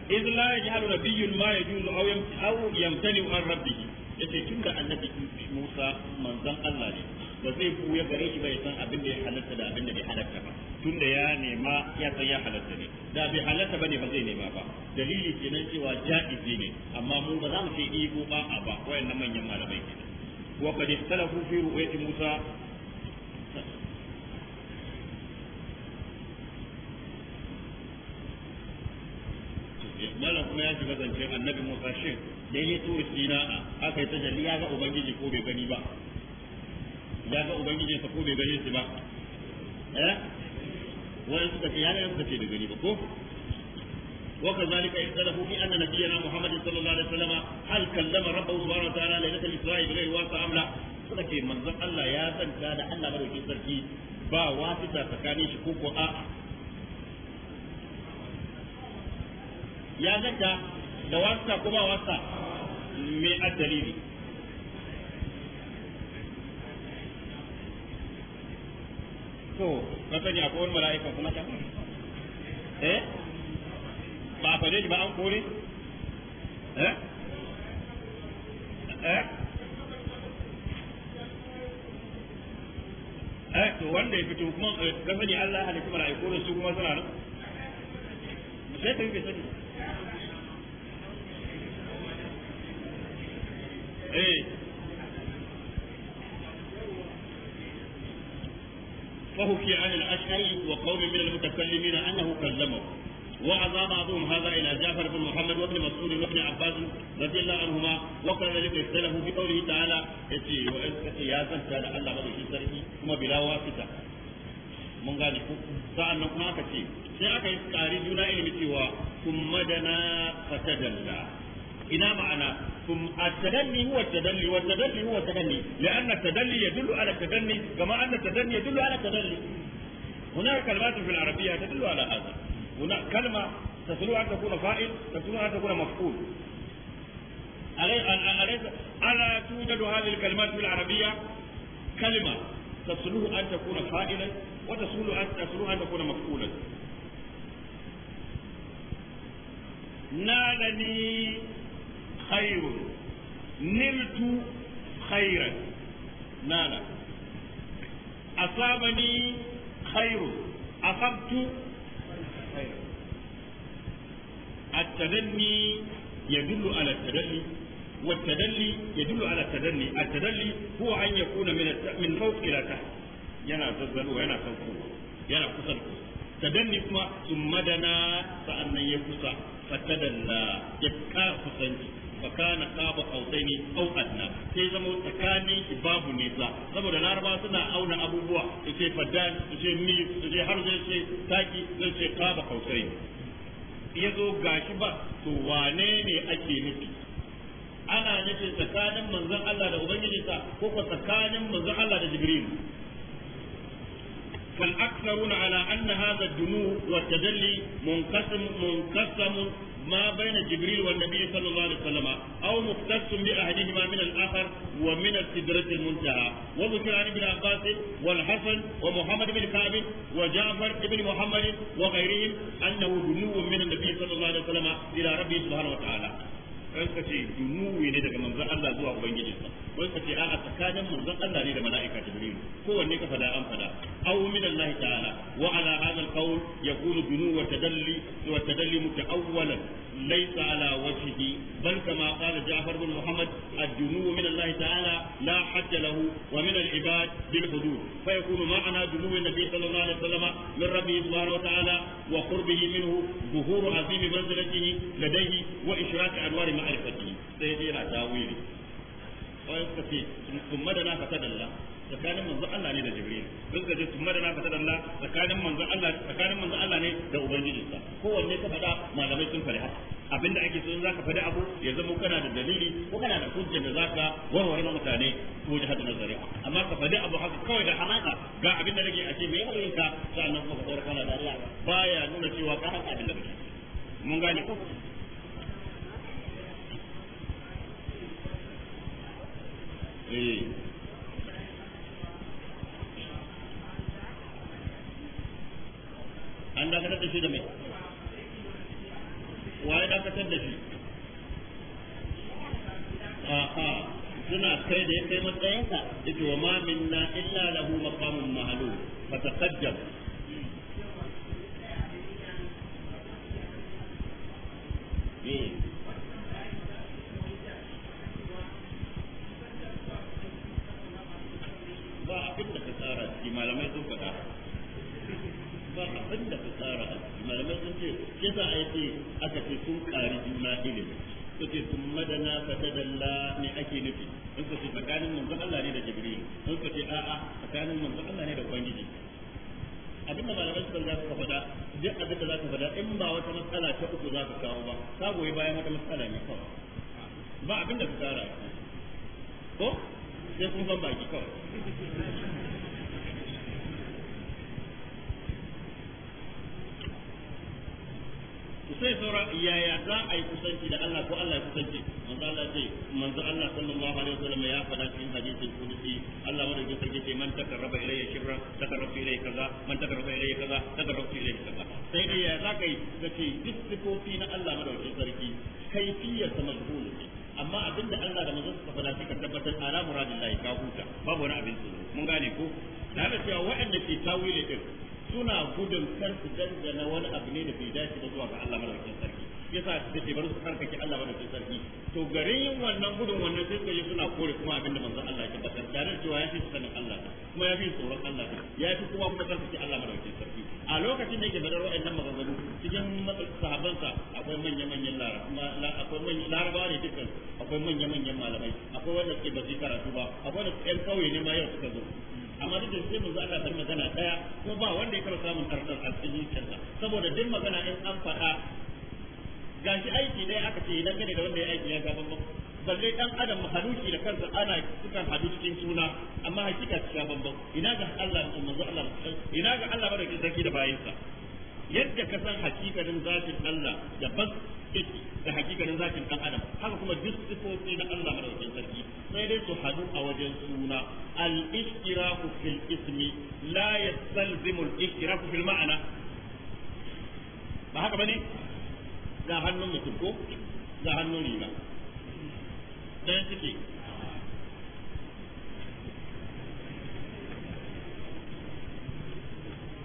إذ لا يجهل نبي ما يجوز أو أو يمتنع عن ربه tun da annabi Musa manzon Allah ne ba zai buya gare shi bai san abin da ya halatta da abin da bai halatta ba tun da ya nema ya san ya halatta ne da bai halatta bane ba zai nema ba dalili kenan cewa ja'izi ne amma mu ba za mu ce iko ba a ba wayannan manyan malamai وقد اختلفوا في رؤية موسى malam kuma ya shiga annabi Musa shin da ya tura sina'a aka yi tajalli ya ga ubangiji ko bai gani ba ya ga ubangiji sa ko bai gani shi ba eh wani suka ce ya ga da gani ba ko وكذلك اختلفوا في ان نبينا محمد صلى الله عليه وسلم هل كلم ربه سبحانه وتعالى ليله الاسراء بغير واسع ام لا suka ce manzon Allah ya zanta da Allah madaukin sarki ba wasita tsakanin shi a'a ya zanta da wasita ko ba wasita me ba a faɗe shi ba an kore eh eh eh to wanda ya fito kuma ka sani Allah halitta mala'iku da su kuma suna nan sai ka yi bai sani eh فهو في عن الأشعري وقوم من المتكلمين أنه كلمه وعظى بعضهم هذا الى جعفر بن محمد وابن مسعود وابن عباس رضي الله عنهما وكان الذي اختلفوا بقوله تعالى اتي وقياسا كان الا بعض الشيء ثم بلا واسطه mun gane ku sa'an nan kuma aka ce sai aka yi tsari juna ilimi cewa kuma da na fatadalla ina ma'ana kum at-tadalli huwa at-tadalli wa at-tadalli huwa at-tadalli li anna at-tadalli yadullu ala at-tadalli kama anna at-tadalli yadullu ala at-tadalli hunaka kalimatun fil كلمة تسلو أن تكون فائل تسلو أن تكون مفعول أليس ألا توجد هذه الكلمات في العربية كلمة تسلوه أن تكون فائلا وتسلوه أن أن تكون مفعولا نالني خير نلت خيرا نال أصابني خير أصبت التدني يدل على التدلي والتدلي يدل على التدني التدلي هو أن يكون من الت... من فوق إلى تحت ينا زلزلوا ينا فوقوا ينا كسر تدني كما ثم دنا فأن يكسر فتدلى يبقى كسنجي fakana qaba qawtaini aw adna sai zama tsakanin shi babu nisa saboda laraba suna auna abubuwa su ce faddan su ce mi su ce har zai ce taki zai ce qaba qawtaini yazo gashi ba to wane ne ake nufi ana nufin tsakanin manzon Allah da ubangijinsa ko ko tsakanin manzon Allah da Jibril فالأكثرون على أن هذا الدنو والتدلي منقسم منقسم ما بين جبريل والنبي صلى الله عليه وسلم أو مختص بأحدهما من الآخر ومن السدرة المنتهى وذكر عن ابن عباس والحسن ومحمد بن كعب وجعفر بن محمد وغيرهم أنه دنو من النبي صلى الله عليه وسلم إلى ربه سبحانه وتعالى wani ka ce ne daga manzon Allah zuwa ubangiji wai ka ce a'a tsakanin manzon Allah ne da mala'ika jibril kowanne ka fada an fada aw min Allah ta'ala wa ala hadha al-qawl dunu wa tadalli wa tadalli mutaawwalan ليس على وجهه بل كما قال جعفر بن محمد الجنو من الله تعالى لا حد له ومن العباد بالحدود فيكون معنى جنو النبي صلى الله عليه وسلم من ربه سبحانه وتعالى وقربه منه ظهور عظيم منزلته لديه وإشراك أنوار معرفته سيدنا تاويلي ويستفيد ثم دنا فسد الله tsakanin manzo Allah ne da Jibril duk da su madana fa tadalla tsakanin manzo Allah tsakanin manzo Allah ne da ubangiji sa kowanne ka faɗa malamai sun faɗi abinda ake so in zaka faɗi abu ya zama kana da dalili ko kana da hujja da zaka warware ma mutane ko da hadin amma ka faɗi abu haka kawai da hamaka ga abinda nake a ce me yayin ka sannan kuma ka kana da Allah baya nuna cewa ka haka abinda kake mun gane ko eh an dakatar da shi da mai waye dakatar da shi a'a suna kai da yake kai ka. yace wa ma minna illa lahu maqamun ma'lum fa taqaddam ba abin da ka tsara shi malamai sun faɗa ba abin da ka tsara a ciki malamai sun ce ke sa a ce aka ce sun ƙari juna ilimi suke sun madana fatadalla ne ake nufi sun ce tsakanin manzon Allah ne da Jibril sun ce a'a tsakanin manzon Allah ne da Ubangiji abin da malamai suka za su faɗa duk abin da za ka faɗa in ba wata matsala ta uku za su kawo ba ka goyi bayan wata matsala ne kawai ba abin da ka tsara ko sai kun ban baki kawai sai saura yaya za a yi kusanci da Allah ko Allah ya kusanci manzo Allah ce manzo Allah sallallahu alaihi wasallam ya faɗa cikin hadisin kudusi Allah wanda ke sarki ce man takarraba ilayya shirra takarraba ilayya kaza man takarraba ilayya kaza takarraba ilayya kaza sai dai ya za kai kace duk sifofi na Allah madaukakin sarki kaifiyar sa mazhul amma abinda Allah da manzo suka faɗa cikin tabbatar ala muradillahi ka huta babu wani abin mun gane ko da cewa waɗanda ke tawili din suna gudun kar su dangana wani abu ne da bai dace ba zuwa ga Allah madaukakin sarki yasa da ke bari su karkake Allah madaukakin sarki to garin yin wannan gudun wannan sai suka yi suna kore kuma abin da manzon Allah ya tabbatar tare da cewa ya fi sanin Allah kuma ya fi tsoron Allah ya fi kuma kuma karkake Allah madaukakin sarki a lokacin da yake ra'ayin nan maganganu cikin sahabansa akwai manya-manyan larabawa ne dukkan akwai manya-manyan malamai akwai wanda suke ba karatu ba akwai wanda 'yan kauye ne ma yau suka zo amma duk da sai za Allah bar magana daya ko ba wanda ya taɓa samun karɓar a cikin zuciyarsa saboda duk magana in an faɗa ga shi aiki ɗaya aka ce idan gane da wanda ya aiki ya ga ba balle dan adam haluki da kansa ana sukan hadu cikin suna amma hakika ta ba ina ga Allah da manzo Allah ina ga Allah madaukakin sarki da bayinsa yadda ka san hakikanin zatin Allah da bas da hakikanin zatin ɗan adam haka kuma duk sifofi na Allah madaukakin sarki sai dai su hadu a wajen suna al-ishtiraku fil ismi la yastalzimu al-ishtiraku fil ma'ana ba haka bane ga hannun mutum ko ga hannun riga dan suke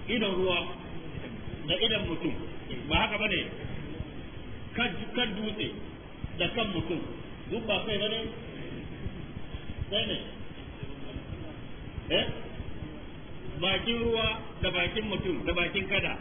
idan ruwa da idan mutum ba haka bane kan dutse da kan mutum duk ba kai bane sai ne eh bakin ruwa da bakin mutum da bakin kada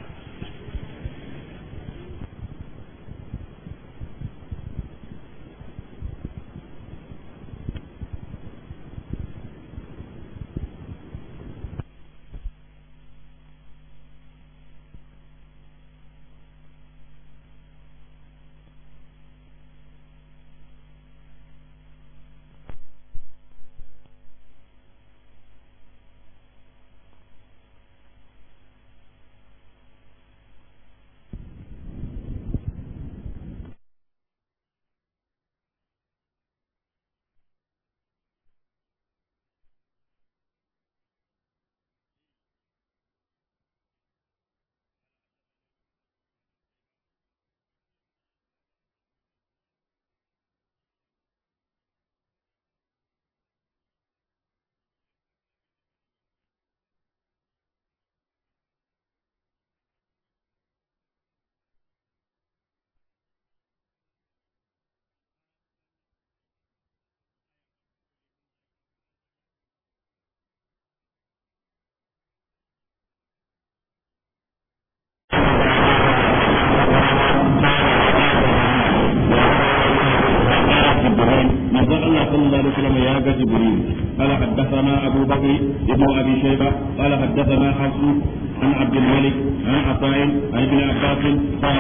بن ابي شيبه قال حدثنا حسن عن عبد الملك عن عطاء عن ابن عباس قال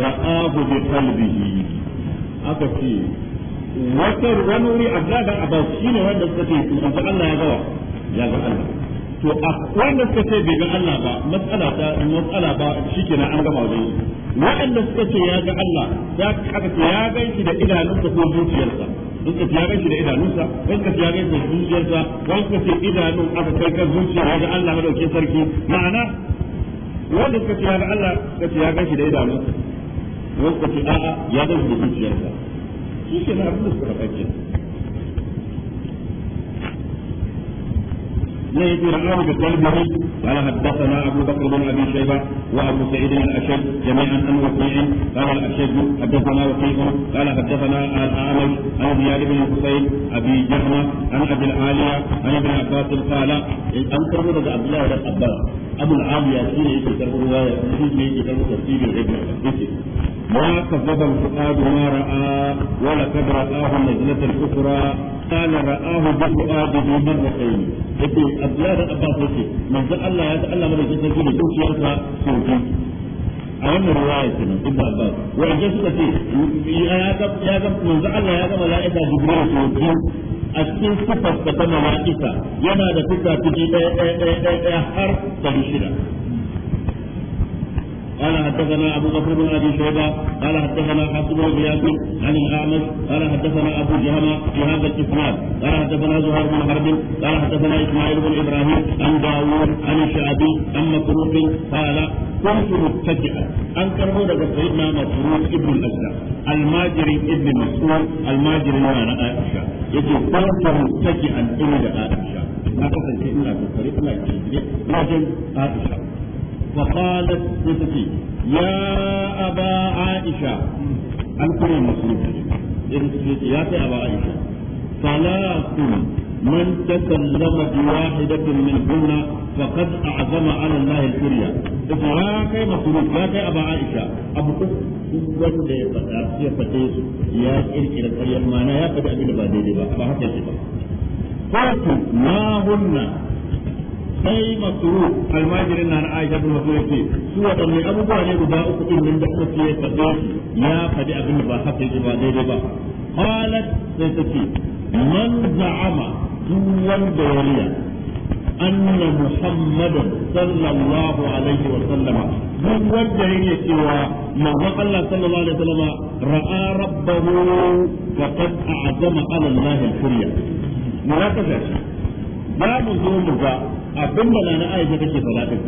رآه بقلبه أكفي وكر ونوري أبلاد عباس شنو هذا الكتيب من الله يا يا الله to a wanda suka ce bai ga Allah ba matsala ta matsala ba shikenan an gama wajen wanda suka ce ya ga Allah ya aka ce ya da idanunsa ko zuciyarsa wani kace ya gaishe da idanunsa wani kace ya gaishe da zuciyarsa wani kace idanun aka kai kan zuciya ga Allah madaukakin sarki ma'ana wanda kace ya ga Allah kace ya gaishe da idanunsa wani kace a'a ya gaishe da zuciyarsa shi ke na abin da suka faɗa ليس الأمر بقلبه قال حدثنا أبو بكر بن أبي شيبة وأبو سعيد الأشد جميعا عن وكيع قال الأشد حدثنا وكيع قال حدثنا الأعمش عن زياد بن حسين أبي جهنة عن أبي العالية عن ابن عباس قال أن ترمد عبد الله بن عباس أبو العالية فيه يكتب رواية فيه يكتب تفسير الابن ما كذب الفؤاد ما رأى ولقد رآه النجلة الأخرى قال رآه بفؤاده مرتين Abdullahi dan Abbas yace manzon Allah ya ta Allah madaukakin sarki da dukiyarsa sau a wannan riwaya ce nan ibn Abbas wa idan suka ce ya ga ya Allah ya ga malaika Jibril ko biyu a cikin sifar ta malaika yana da fuka kuji ɗaya ɗaya ɗaya har ɗari shida قال حدثنا ابو بكر بن ابي شيبه قال حدثنا حفص بن غياث عن الاعمش قال حدثنا ابو جهمه بهذا الاسناد قال حدثنا زهير بن حرب قال حدثنا اسماعيل بن ابراهيم عن داوود عن الشعبي عن مكروه قال كنت مبتدئا انكر هذا سيدنا مكروه ابن الازهر الماجري ابن مسعود الماجري معنى عائشه يجي كنت مبتدئا الى عائشه ما كنت ina kokari ina kirkire na jin Aisha فقالت ستتي يا أبا عائشة القرى المسلم يا أبا عائشة ثلاث من تكلم بواحدة منهن فقد أعظم على الله الكرية إفراك مصروف يا أبا عائشة أبو كفر لي فتاسية فتيس يا إلى القرية ما أنا يا فتأبين بعدين أبا حتى قلت ما هن sai masuru almajirin na Aisha bin Mas'ud yake su waɗanne abubuwa ne guda uku ɗin nan da ya ya fadi abin ba haka yake ba daidai ba qalat sai take man za'ama duk wanda ya riya أن محمدا صلى الله عليه وسلم من وجه abin da nana aisha take faɗa din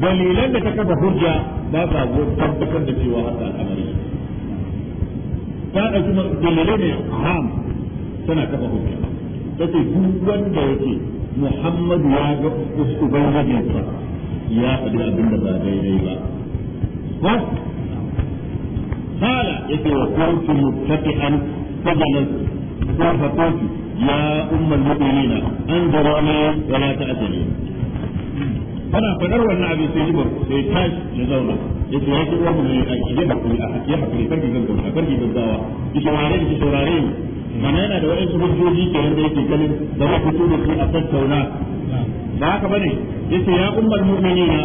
dalilan da ta kafa hujja ba sa go tabbatar da cewa haka al'amari ta da dalilai ne haram tana kafa hujja ta ce duk wanda yake muhammadu ya ga usubai ya ga ya ya faɗi abin da ba daidai ba ba hala yake wa kwanci mutafi'an fagalar ya umar mutane na an zara ne wala ta ajiye kana fadar wannan abin sai jibar sai tashi ya zauna ya ce ya ce ruwa mai aiki ya hakuri a ya hakuri karki gaggawa a karki gaggawa ki saurare ki saurare mana yana da wa'ansu hujjoji ke wanda yake ganin da ba ku da su a tattauna ba haka bane yace ya ummar mu'minina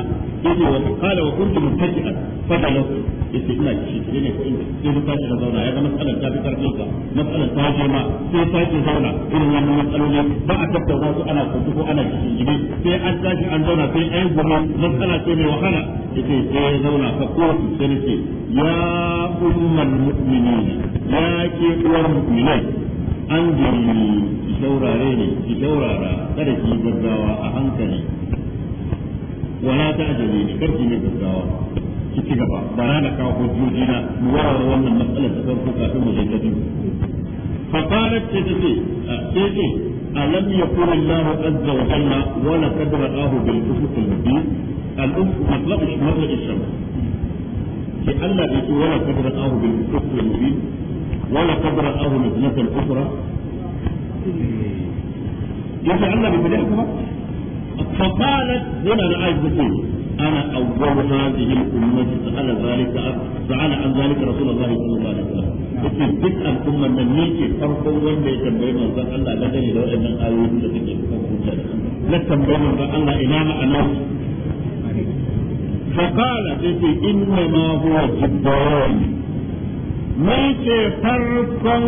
yake wa kala wa kuntu muttaki'an fa dalawtu yace ina ci ne ne ko sai mun tashi da zauna ya ga matsalar ta fi karfin ka matsalar ta je ma sai tashi zauna irin wannan matsaloli ba a tattauna su ana kuntu ko ana cikin gidi sai an tashi an zauna sai ai gura matsala ce mai wahala yake sai ya zauna fa kotu sai nace ya ummul mu'minin ya ke uwar mu'minai an gari ki shaurare ne ki shaurara kada ki gaggawa a hankali ولا تعجبي بفرق من الدعوة كتبا برانا كاو حجوجينا مورا وانا مسألة تفرقوا كاتم وزيجاتي فقالت تتسي تتسي آه، ألم يقول الله عز وجل ولا قد رآه بالأفق المبين الأفق مطلقش مرة الشمس في الله ولا قد رآه بالأفق المبين ولا قد رآه مثلة أخرى يجعلنا بمدينة فقالت هنا انا عايز بقول انا اول هذه الامه سال ذلك سال عن ذلك رسول الله صلى الله عليه وسلم yake duk al'ummar nan ne ke farko wanda ya tambayi manzon Allah dangane da waɗannan ayoyin da suke cikin hujja na tambayi manzon Allah ina ma'ana fa qala yake inna ma huwa jibran ne ke farkon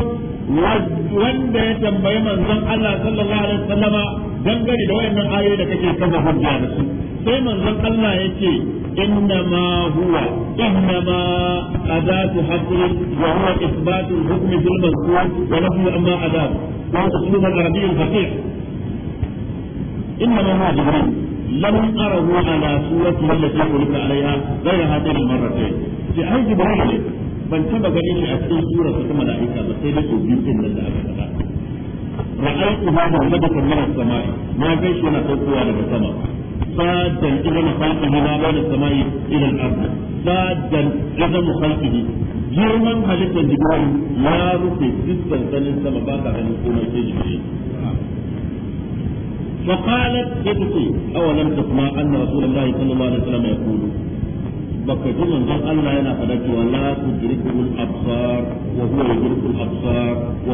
wanda ya tambayi manzon Allah sallallahu alaihi wasallama dangane da wayannan ayoyi da kake kaza hujja da su sai manzon Allah yake innama huwa innama adatu hasrin wa huwa ithbatu al fil mazkur wa nafyu amma adab wa uslub al al-faqih innama huwa jibril لم أره على صورته التي خلق عليها غير هاتين المرتين. في أي جبريل ban taba gani shi a cikin sura ta kuma da aika ba sai da tobin din da aka faɗa رأيت هذا مدة من السماء ما كيش أنا تقوى لك السماء صادا إذا خلقه ما بين السماء إلى الأرض صادا إذا خلقه girman halittar jibril ya rufe dukkan sanin sama ba ka ganin komai sai jiki فقالت ابكي اولم تسمع ان رسول الله صلى الله عليه وسلم يقول baka ji manzon Allah yana faɗa cewa la tudrikul absar wa huwa yudrikul absar wa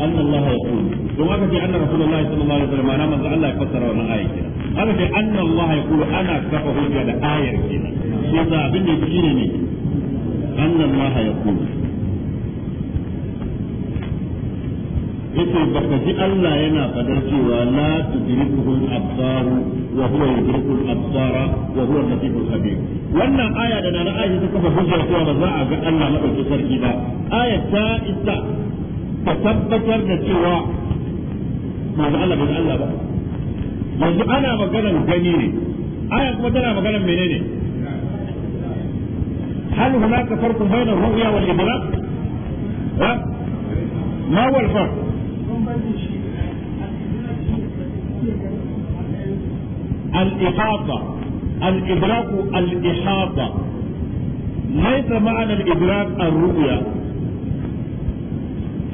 أن الله يقول ثم أكد أن رسول الله صلى الله عليه وسلم أنا من الله يفسر ولا آية أكد أن الله يقول أنا أكتبه كذا آية كذا شيء أبني بشيني أن الله يقول yake baka Allah yana fadar cewa la tudrikuhu al-absar wa huwa yudriku al wa huwa al khabir wannan aya da na Aisha ta kafa hujja cewa ba za a ga Allah madaukakin sarki ba aya ta isa ka tabbatar da cewa manzo Allah bai Allah ba yanzu ana maganar gani ne aya kuma tana maganar menene هل هناك فرق بين الرؤيا والإدراك؟ ها؟ ما هو الفرق؟ الإحاطة الإدراك الإحاطة ليس معنى الإدراك الرؤيا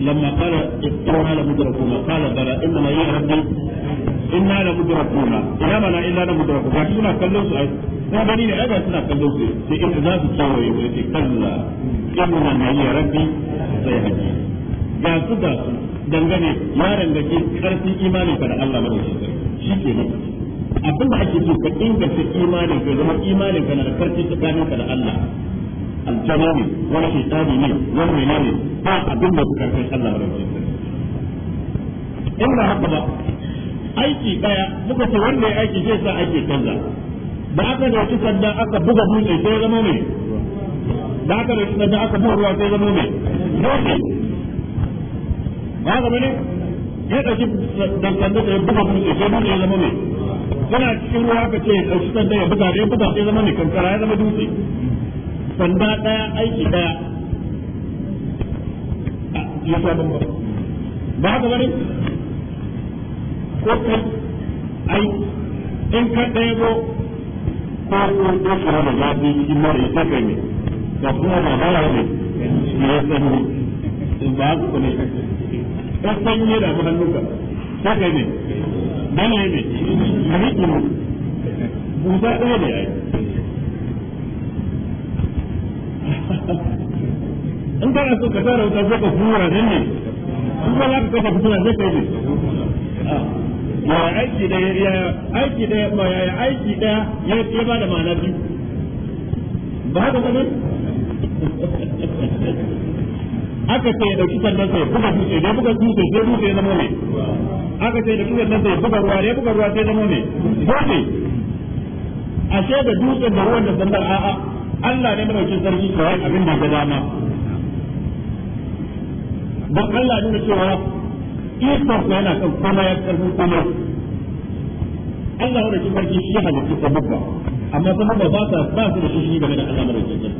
لما قال إنا لمدركون قال بلى إنما يا ربي إنا لمدركون إنا بلى إنا لمدركون فاكسونا كلوس أي وبنين أبا سنا كلوس في إحزاب التوري ويتي كلا إنما يا ربي سيهدي جاسو جاسو dangane yaron da ke karfin imanin ka da Allah mai shi ke nan abin da ake so ka inganta imanin ka zama imanin ka na da karfi tsakanin ka da Allah aljana ne wani shaitani ne wani menene ba abin da su karfin Allah da in ba haka ba aiki daya muka ce wanda ya aiki zai sa aiki canza da aka dauki sanda aka buga dutse sai zama ne da aka dauki sanda aka buga ruwa sai zama ne ba ga bane ya dauki sanda da ya buga dutse sai dutse ya zama ne kana cikin ruwa ka ce dauki sanda ya buga da ya buga sai zama ne kankara ya zama dutse sanda daya aiki daya ah, ya sa ba ba haka bane ko ai in ka daya go ko ko ko fara da zafi cikin mara ya kai ne ba kuma ba ba ne ya sani in ba ku ne ka sanye da hannunka ta kai ne dana ne a rikin guda ɗaya da yayi in kana so ka tara wuta sai ka hura nan ne in ba za ka kafa fitina sai ka yi ya aiki da ya aiki da ba ya aiki da ya ya ba da ma'ana biyu ba haka ba ne aka ce da kisan nan sai buga dutse da buga dutse sai dutse na zama ne aka ce da kisan nan sai buga ruwa da buga ruwa sai zama ne dutse ashe da dutsen da ruwan da sandar a'a Allah ne madaukin sarki kawai abin da ya dama don Allah nuna cewa isa ku yana kan kuma ya karfin kuma Allah wanda shi farki shi yana da sababba amma sababba ba ta ba su da shi shi game da Allah mara sarki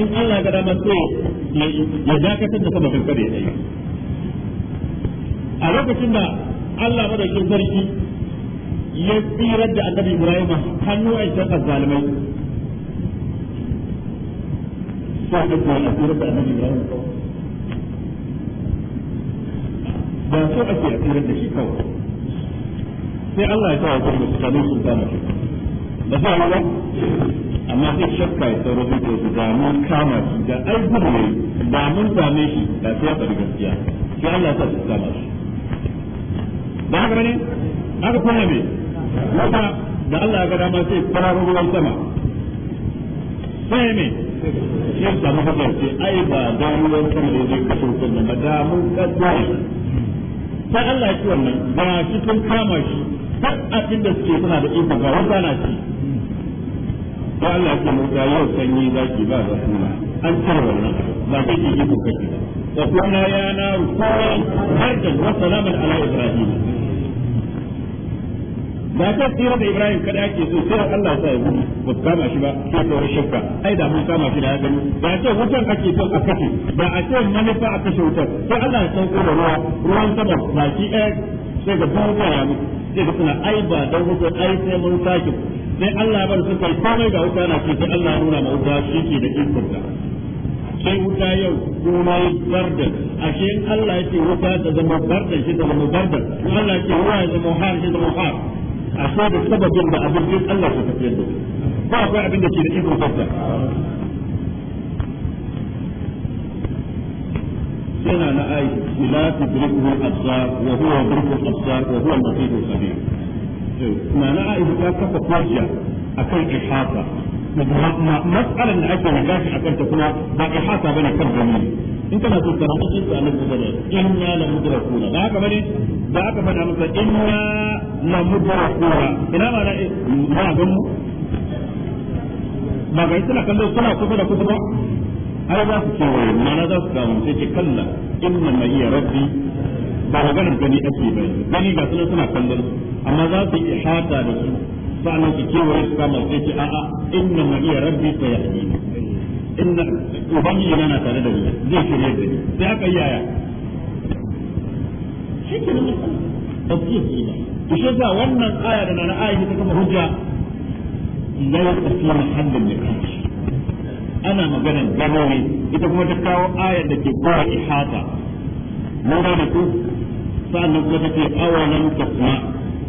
in Allah ga dama sai ya dakatar da sababban kada ya tsaye a lokacin da Allah mara sarki ya tsirar da annabi Ibrahim hannu a cikin azzalimai sai da kuma tsirar da annabi Ibrahim ba so ake a tsirar da shi kawai sai Allah ya kawo kuma mutane sun kama shi ba za ba amma sai shakka ya sauro kai su da mun kama su da ai gudu ne ba mun same shi da sai ya faɗi gaskiya sai Allah ya sa su kama shi ba haka ne haka kuma ne? wata da Allah ya ga dama sai kwararo ruwan sama sai me shi ya samu haka ce ai ba da ruwan sama da zai kashe kullum ba da mun kaddare ta Allah ya ci wannan ba shi sun kama shi duk abin da suke suna da ikon ga wanda na ci to Allah ya ce Musa yau sanyi zaki ba da suna an ci wannan ba kai ji ku kake wa kuma ya na ruwa har da wa salaman ala ibrahim ba ta tsira da Ibrahim kada ake so sai Allah sa ya gudu ba su kama shi ba a kawar shakka ai da mun kama shi da ya gani ba ce wutan ake son a kashe ba a ce manufa a kashe wutan sai Allah ya sauko da ruwa ruwan sama baki ɗaya sai ga duniya ya mutu sai ga suna ai ba don wutan ai sai mun sake sai Allah ya bar su kai komai ga wuta na ce sai Allah ya nuna ma wuta shi ke da ikonta sai wuta yau kuma yi a ashe Allah ya ce wuta ta zama bardan shi ta zama bardan Allah ya ce ruwa ya zama har shi zama har عشان السبب يبقى أبوك إيه الله ستفيده بعض واحد من الكيلة إيه مفتا سنة لآية لا تدركه الأبصار وهو يدرك الأبصار وهو المصير الخبير ما لآية لا تفت مرجع أكل إحاطة مسألة أن عيسى مجاشي أكل تكون بإحاطة بين كل جميل in kana so kana cikin su annabi Musa ne inna la mudrakuna ba haka bane ba haka fada masa inna la mudrakuna ina ma na ba ga mu ba ga suna da suna kusa da kusa ba ai za su ce ma na za su samu sai ce kalla inna ma hiya rabbi ba ganin gani ake bai gani ga suna suna kallon amma za su yi ihata da su sa'annan su kewaye su kama sai ce a'a inna ma hiya rabbi yahdini inna ubangiji yana tare da ni zai shirye da ni sai aka yi yaya shi ke nan ba su yi ba shi yasa wannan aya da nana aya ta kama hujja la yaqfi mahallin liqash ana maganar ganowi ita kuma ta kawo ayar da ke kowa ihata mun ga da ku sa'annan kuma ta ce awalan tasma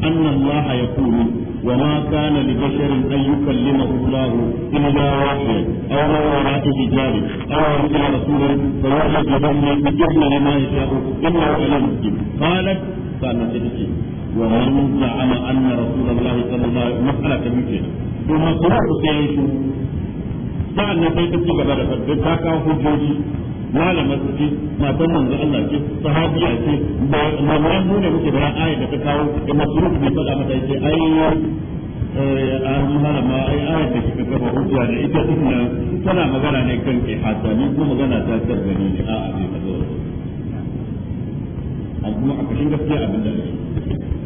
anna allaha yaqulu وما كان لبشر أن يكلمه الله إلا وحيا أو من وراء حجاب أو أرسل رسولا فيعجب بهم بجهل لما يشاء إلا على مسجد قالت كان تبكي ومن زعم أن رسول الله صلى الله عليه وسلم مسألة مثله ثم صلاة سيعيش sa'an nan sai ta ci gaba da sabbin ta kawo hujjoji malamar su ce matan manzo Allah ce a ce ba mamman mu ne muke bara ayat da ta kawo da masruf bai faɗa mata ce ai eh, a malama ai ayat da kika hujja da ita ina tana magana ne kan ke magana ta ne a kuma a kashin gaskiya abin da ne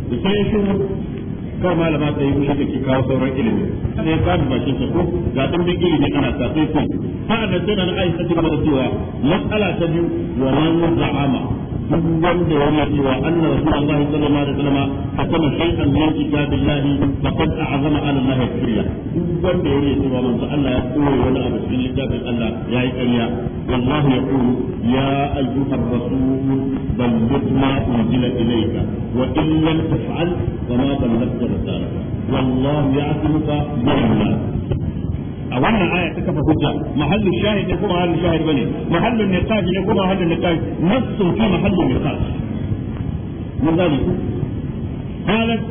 shi ba malama ta yi fushi da kawo sauran ilimi sai ya ba bakin ta ko ga dan bin ilimi ana sa sai ko fa annabi na Aisha ta cewa mas'ala ta biyu wa man za'ama duk wanda ya yi cewa da rasulullahi sallallahu alaihi wasallam hakama shay'an min kitabillahi a a'zama ala allahi kiriya duk wanda ya yi cewa manzo Allah ya koyi wani abu cikin littafin Allah ya yi ya ayyuha ar-rasul balligh ma unzila wa in lam taf'al wa ma ballaghta risalata wallahu a wannan aya ta kafa hujja mahallin shahid ne ko mahallin shahid bane mahallin niqash ne ko mahallin niqash nassu fi mahallin niqash من ذلك قالت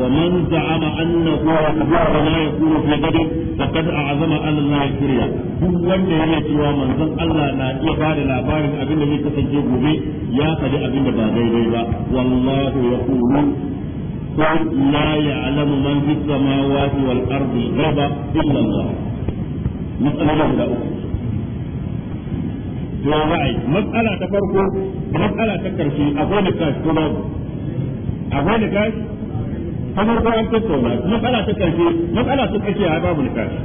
ومن زعم انه كفر لا يكون في غد فقد اعظم على الله كريا duk wanda yana cewa manzon Allah na iya ba labarin abin da zai kasance gobe ya faɗi abin da ba daidai ba wallahu yaqulu qul la ya'lamu man fis samawati wal ardi ghaiba illa Allah matsaloli guda uku to ya ra'ayi matsala ta farko da matsala ta karshe akwai da kashi ko babu akwai da kashi ta farko an tattauna matsala ta karshe matsala ta karshe a babu da kashi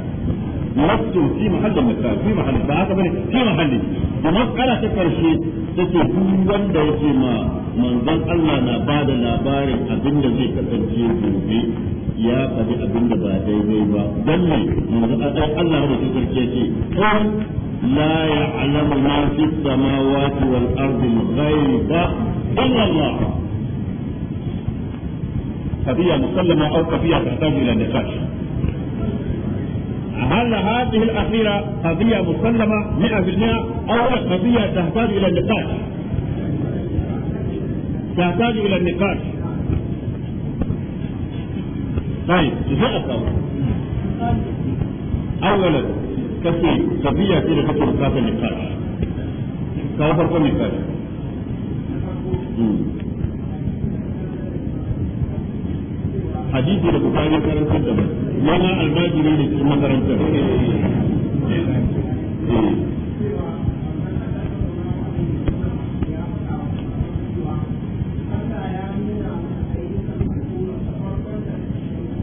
نفسه في محل المكان في محل فهذا بني في محل ومسألة كرشي شيء دوان دا يتي ما من ذن الله نباد لابار أبن الذي كتنجي في يا قد أبن با دي دي با دمي من ذن الله هو تتركيتي لا يعلم ما في السماوات والأرض الغيب إلا الله قضية مسلمة أو قضية تحتاج إلى نقاش هل هذه الأخيرة قضية مسلمة 100% أو قضية تحتاج إلى النقاش تحتاج إلى النقاش طيب جاء أولا كثير قضية في كثير ذات النقاش سوف نقاش. حديثي البخاري كان قدما mana albajiri ne cikin makarantar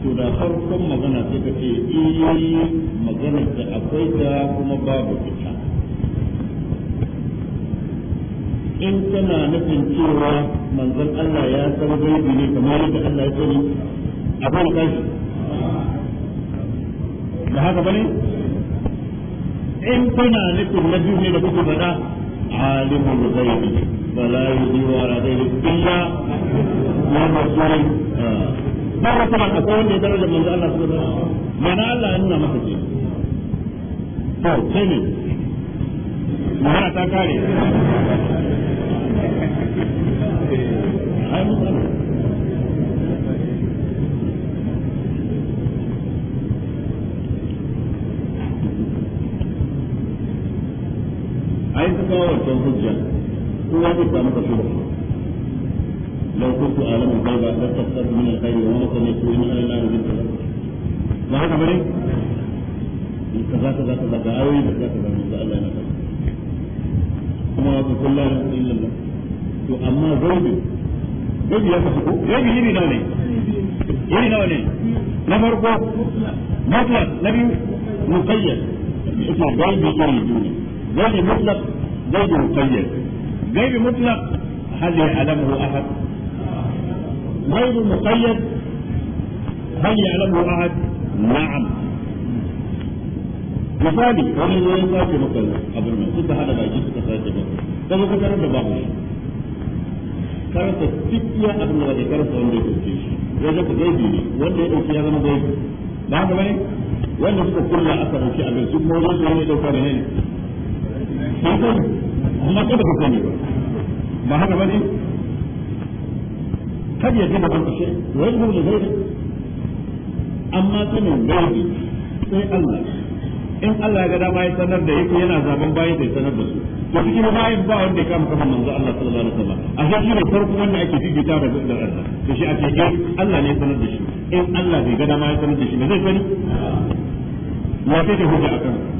to da farkon magana sai ka ce iyi eh, magana da akwai da kuma babu ita in kana nufin cewa manzon Allah ya san gaibi ne kamar yadda Allah ya sani a kan kashi da haka bane in kuna nufin na biyu ne da kuka faɗa alimul ghaibi fala yudiru ah. ba ka kuma akwai wanda ya daraja manzo Allah subhanahu wa mana Allah to sai ne mana ta kare ai mutane ai su kawo wancan hujja kowa zai لو كنت أعلم الغيب Na من الخير وما سمعت إن أنا لا أجد ما هذا بني؟ كذا كذا كذا كأوي كذا كذا كذا الله ينفع. كما تقول لا إله إلا الله. to amma gaibi gaibi ya kasu ko gaibi yiri nawa ne yiri nawa ne na farko mutlaq na biyu muqayyad biyu غير مطلق غير مقيد غير مطلق هل يعلمه مقيد هل يعلمه نعم misali wani ne ya sake maka abin nan suka hada baki suka sake maka ta maka karar da babu shi karasa abin da bai karasa wanda ya dauke shi wajen ka gaibi ne wanda ya dauke ya zama gaibi ba haka bane wanda suka kulla aka dauke abin su kuma wajen su dauka da ne sai ko amma ko baka sani ba haka bane kad ya gina ban kashe wa yadda da zai amma sanin gaibi sai Allah in Allah ga dama ya sanar da yake yana zaben bayi da sanar da su ba su kuma bayan ba wanda ya kama kamar manzo Allah sallallahu alaihi wasallam a sai shi ne farko wanda ake fifita da da Allah to shi a ce eh Allah ne ya sanar da shi in Allah bai ga dama ya sanar da shi ne zai sani wa sai da hujja akan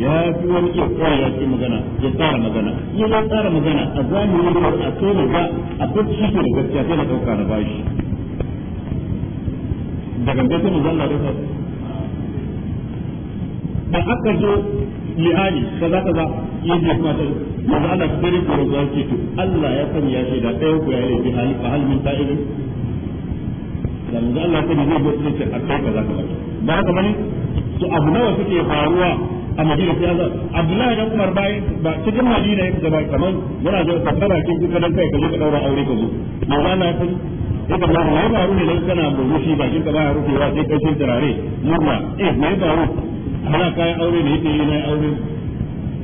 ya fi wani iya tsara ya ce magana ya tsara magana ya zai tsara magana a zahiri da a sai da ga a bacci ke da gaskiya sai na dauka na bashi da gangan sai mu zalla da da aka zo ka li'ani kaza kaza yin da kuma za ana tsere ko ruwa ke to Allah ya sani ya da ɗaya ku ya laifi hali fa hal min ta'ibin da yanzu Allah sani zai zo sai ce a kai ka kaza kaza ba haka bane to abu nawa suke faruwa a madina sai azan abdullahi dan umar bayan ba cikin madina yake gaba kaman yana zo ka fara kin kuka dan kai ka ka daura aure ka zo maulana ita san yadda ba mai baro ne dan kana burmushi bakin ka ba rufewa sai kai cin turare murna eh mai baro ana kai aure ne yake yi na aure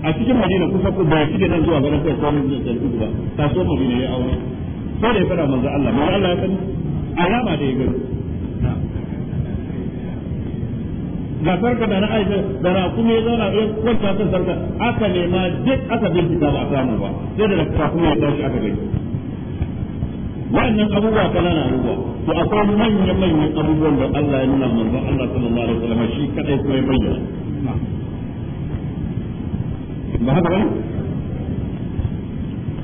a cikin madina kusa ku ba shi da nan zuwa garin kai ko mun da ba kasuwar madina ya aure sai da ya fara manzo Allah manzo Allah ya san alama da ya gani ga sarka da na aisha da raƙumi ya zauna ya kwanta kan sarka aka nema duk aka bincika ba a samu ba sai da raƙumi ya tashi aka gani wannan abubuwa kanana abubuwa to akwai manyan manyan abubuwan da Allah ya nuna manzon Allah sallallahu alaihi wasallam shi kadai kuma ya bayyana ba haka ba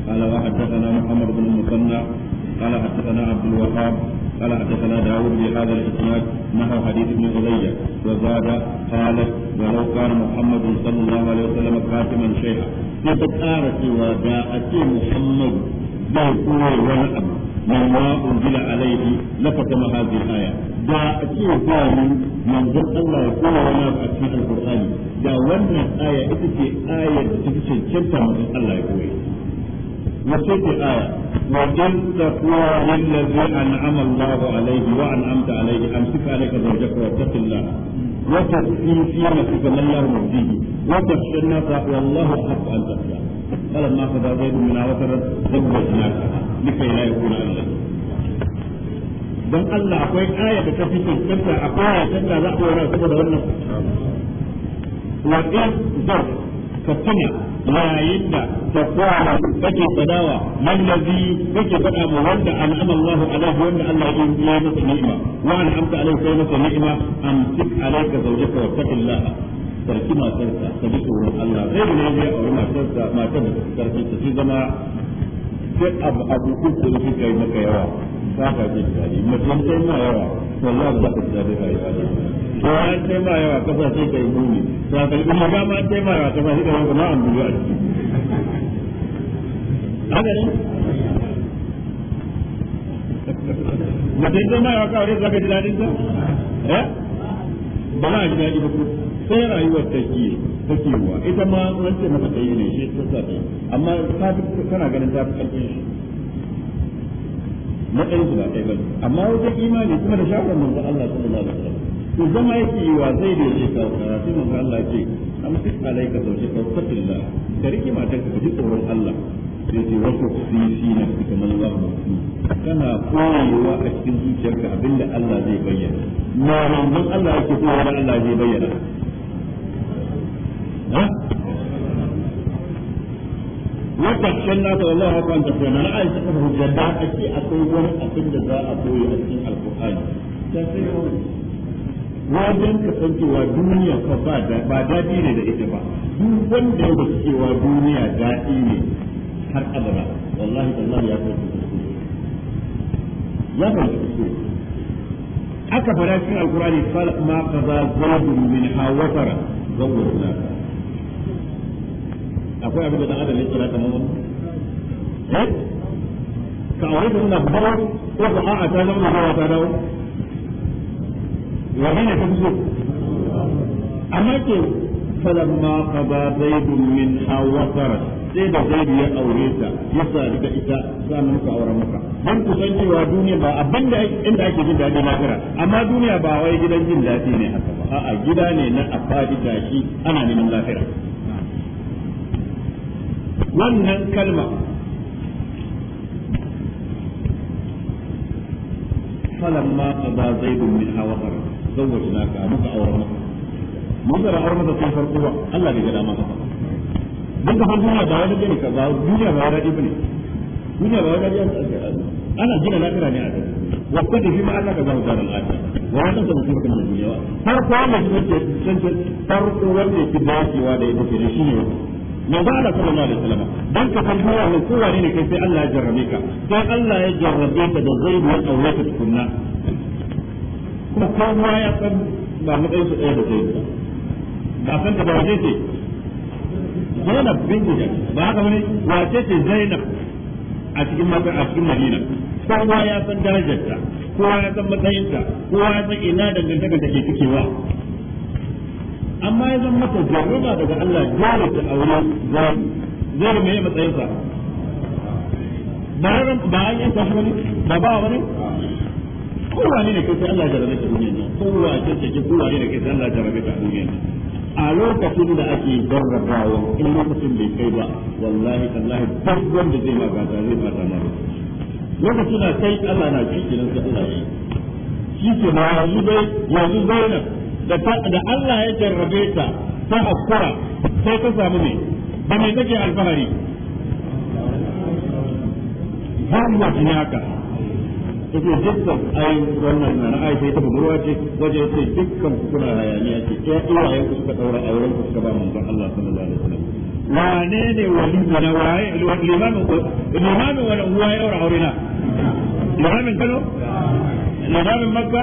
قال حدثنا محمد بن المثنى قال حدثنا عبد الوهاب قال حدثنا داود بهذا الاسناد نحو حديث ابن علي وزاد قالت ولو كان محمد صلى الله عليه وسلم خاتما شيئا يتقارى سوى جاءت محمد لا يقول ولا أمر من ما أنزل عليه لفتم هذه الآية da ake zamanin manzon Allah ya kowa wani abu a cikin alkur'ani da wannan aya ita ce ayar da ta fi cancanta manzon Allah ya koya وسيت آية وقل تقوى للذي أنعم الله عليه وأنعمت عليه أمسك عليك زوجك واتق الله وتخفي في نفسك ما الله مبديه وتخشى الناس والله أحق أن تخشى فلما قضى زيد منا وترت زوجناك لكي لا يكون عليه don Allah akwai aya da ta fi cancanta akwai aya da za a yi saboda wannan wa in zai ka tuna yayin da takwala kake sadawa mallazi kake faɗa ma wanda an'ama Allah alaihi wanda Allah ya yi masa ni'ima wa alaihi masa ni'ima zawjaka wa taqillaha sarki Allah zai ne ya aure matar da sarki ta zama sai abu abu yi maka yawa ba ka jin daɗi mutum sai ma yawa wallahi ba ka ji daɗi rayuwa ne to an sai ma yawa kasa sai kai muni to a ma ma sai ma yawa kasa sai kai kuma an bulu a ciki haka ne mutum sai ma yawa kawai za ka ji daɗin ta eh? ba za ji daɗi ba ko sai rayuwar ta ke takewa ita ma wancan maka ta yi ne shi ta sa amma ta kana ganin ta fi ƙarfin shi matsayin su ba ɗaya bane amma wajen imani kuma da shawarar manzo Allah sallallahu alaihi wasallam to zama yake yi wa zai da yake kawo karatu manzo Allah ce am fi alaika zawji ka da ka rike matar ka ji tsoron Allah sai ce wasu sisi na cikin Allah mutum kana koyewa a cikin zuciyarka abinda Allah zai bayyana ma manzon Allah yake koyewa Allah zai bayyana na ta da a والله كان تخشانا لا عايز za هجدات أشي أقول أقول ذا أقول أشي القرآن wajen cewa duniya fa ba da ba daɗi ne da ita ba duk wanda ya cewa duniya daɗi ne har abada wallahi wallahi ya kai ya kai aka fara cikin alkurani qala ma qaza zaidun min hawatara zawwajnaka akwai abin da dan adam ya kira kamar wannan eh? ka aure ta nuna bawa ko ka a'a ta zama bawa ta dawo wani ne ka fi so amma ke falamma qada zaidun min hawasara sai da zaidu ya aure ta ya sadu da ita za sanan ka aure maka dan ku san cewa duniya ba abin da inda ake jin daɗi lafiya amma duniya ba wai gidan jin daɗi ne haka ba a'a gida ne na afadi gashi ana neman lafiya wannan kalma فلما قضى زيد منها وطرا زوجناك مك أورمك منظر أورمك في فرقوة الله بجل ما ba duk da hannun da wani gani ka ba duniya ba wani ibne duniya ba wani ya ana gina lafira ne a kai wata da shi ma Allah ka zama zaran lafiya wa wannan da kuma kan duniya har ko wanda ke san farko wanda fi dacewa da yake da shi ne manzo Allah sallallahu alaihi wasallam dan ka san kowa ne kowa ne kai sai Allah ya jarrabe ka sai Allah ya jarrabe ka da zaidu ya kunna. Ko kuma kowa ya san ba mu dai su ɗaya da zaidu ba san ka ba wace ce Zainab bin da ba haka ne wace ce Zainab a cikin matan a cikin Madina kowa ya san darajarta kowa ya san matsayinta kowa ya san ina dangantaka take cikewa amma ya zama mata jarraba daga Allah dole ta aure zai zai mai matsayinsa ba ran ba an yi ta wani ba ba wani kowa ne kai sai Allah jarabe ta duniya ne kowa ce ce kowa ne kai sai Allah jarabe ta duniya ne a lokacin da ake jarrabawa in lokacin bai kai ba wallahi tallahi duk wanda zai ma gata zai fata mara lokacin da kai Allah na cikin ta Allah shi ke ma yanzu dai yanzu zainab da Allah ya jarrabe ta ta hakura sai ta samu ne ba mai take alfahari ba mu ne haka yake dukkan wannan na sai ta ce waje dukkan kuna hayaniya ce ya ku suka daura ku suka ba Allah sallallahu alaihi wasallam wane ne wali na waye limamin ko limamin ya daura limamin Kano limamin Makka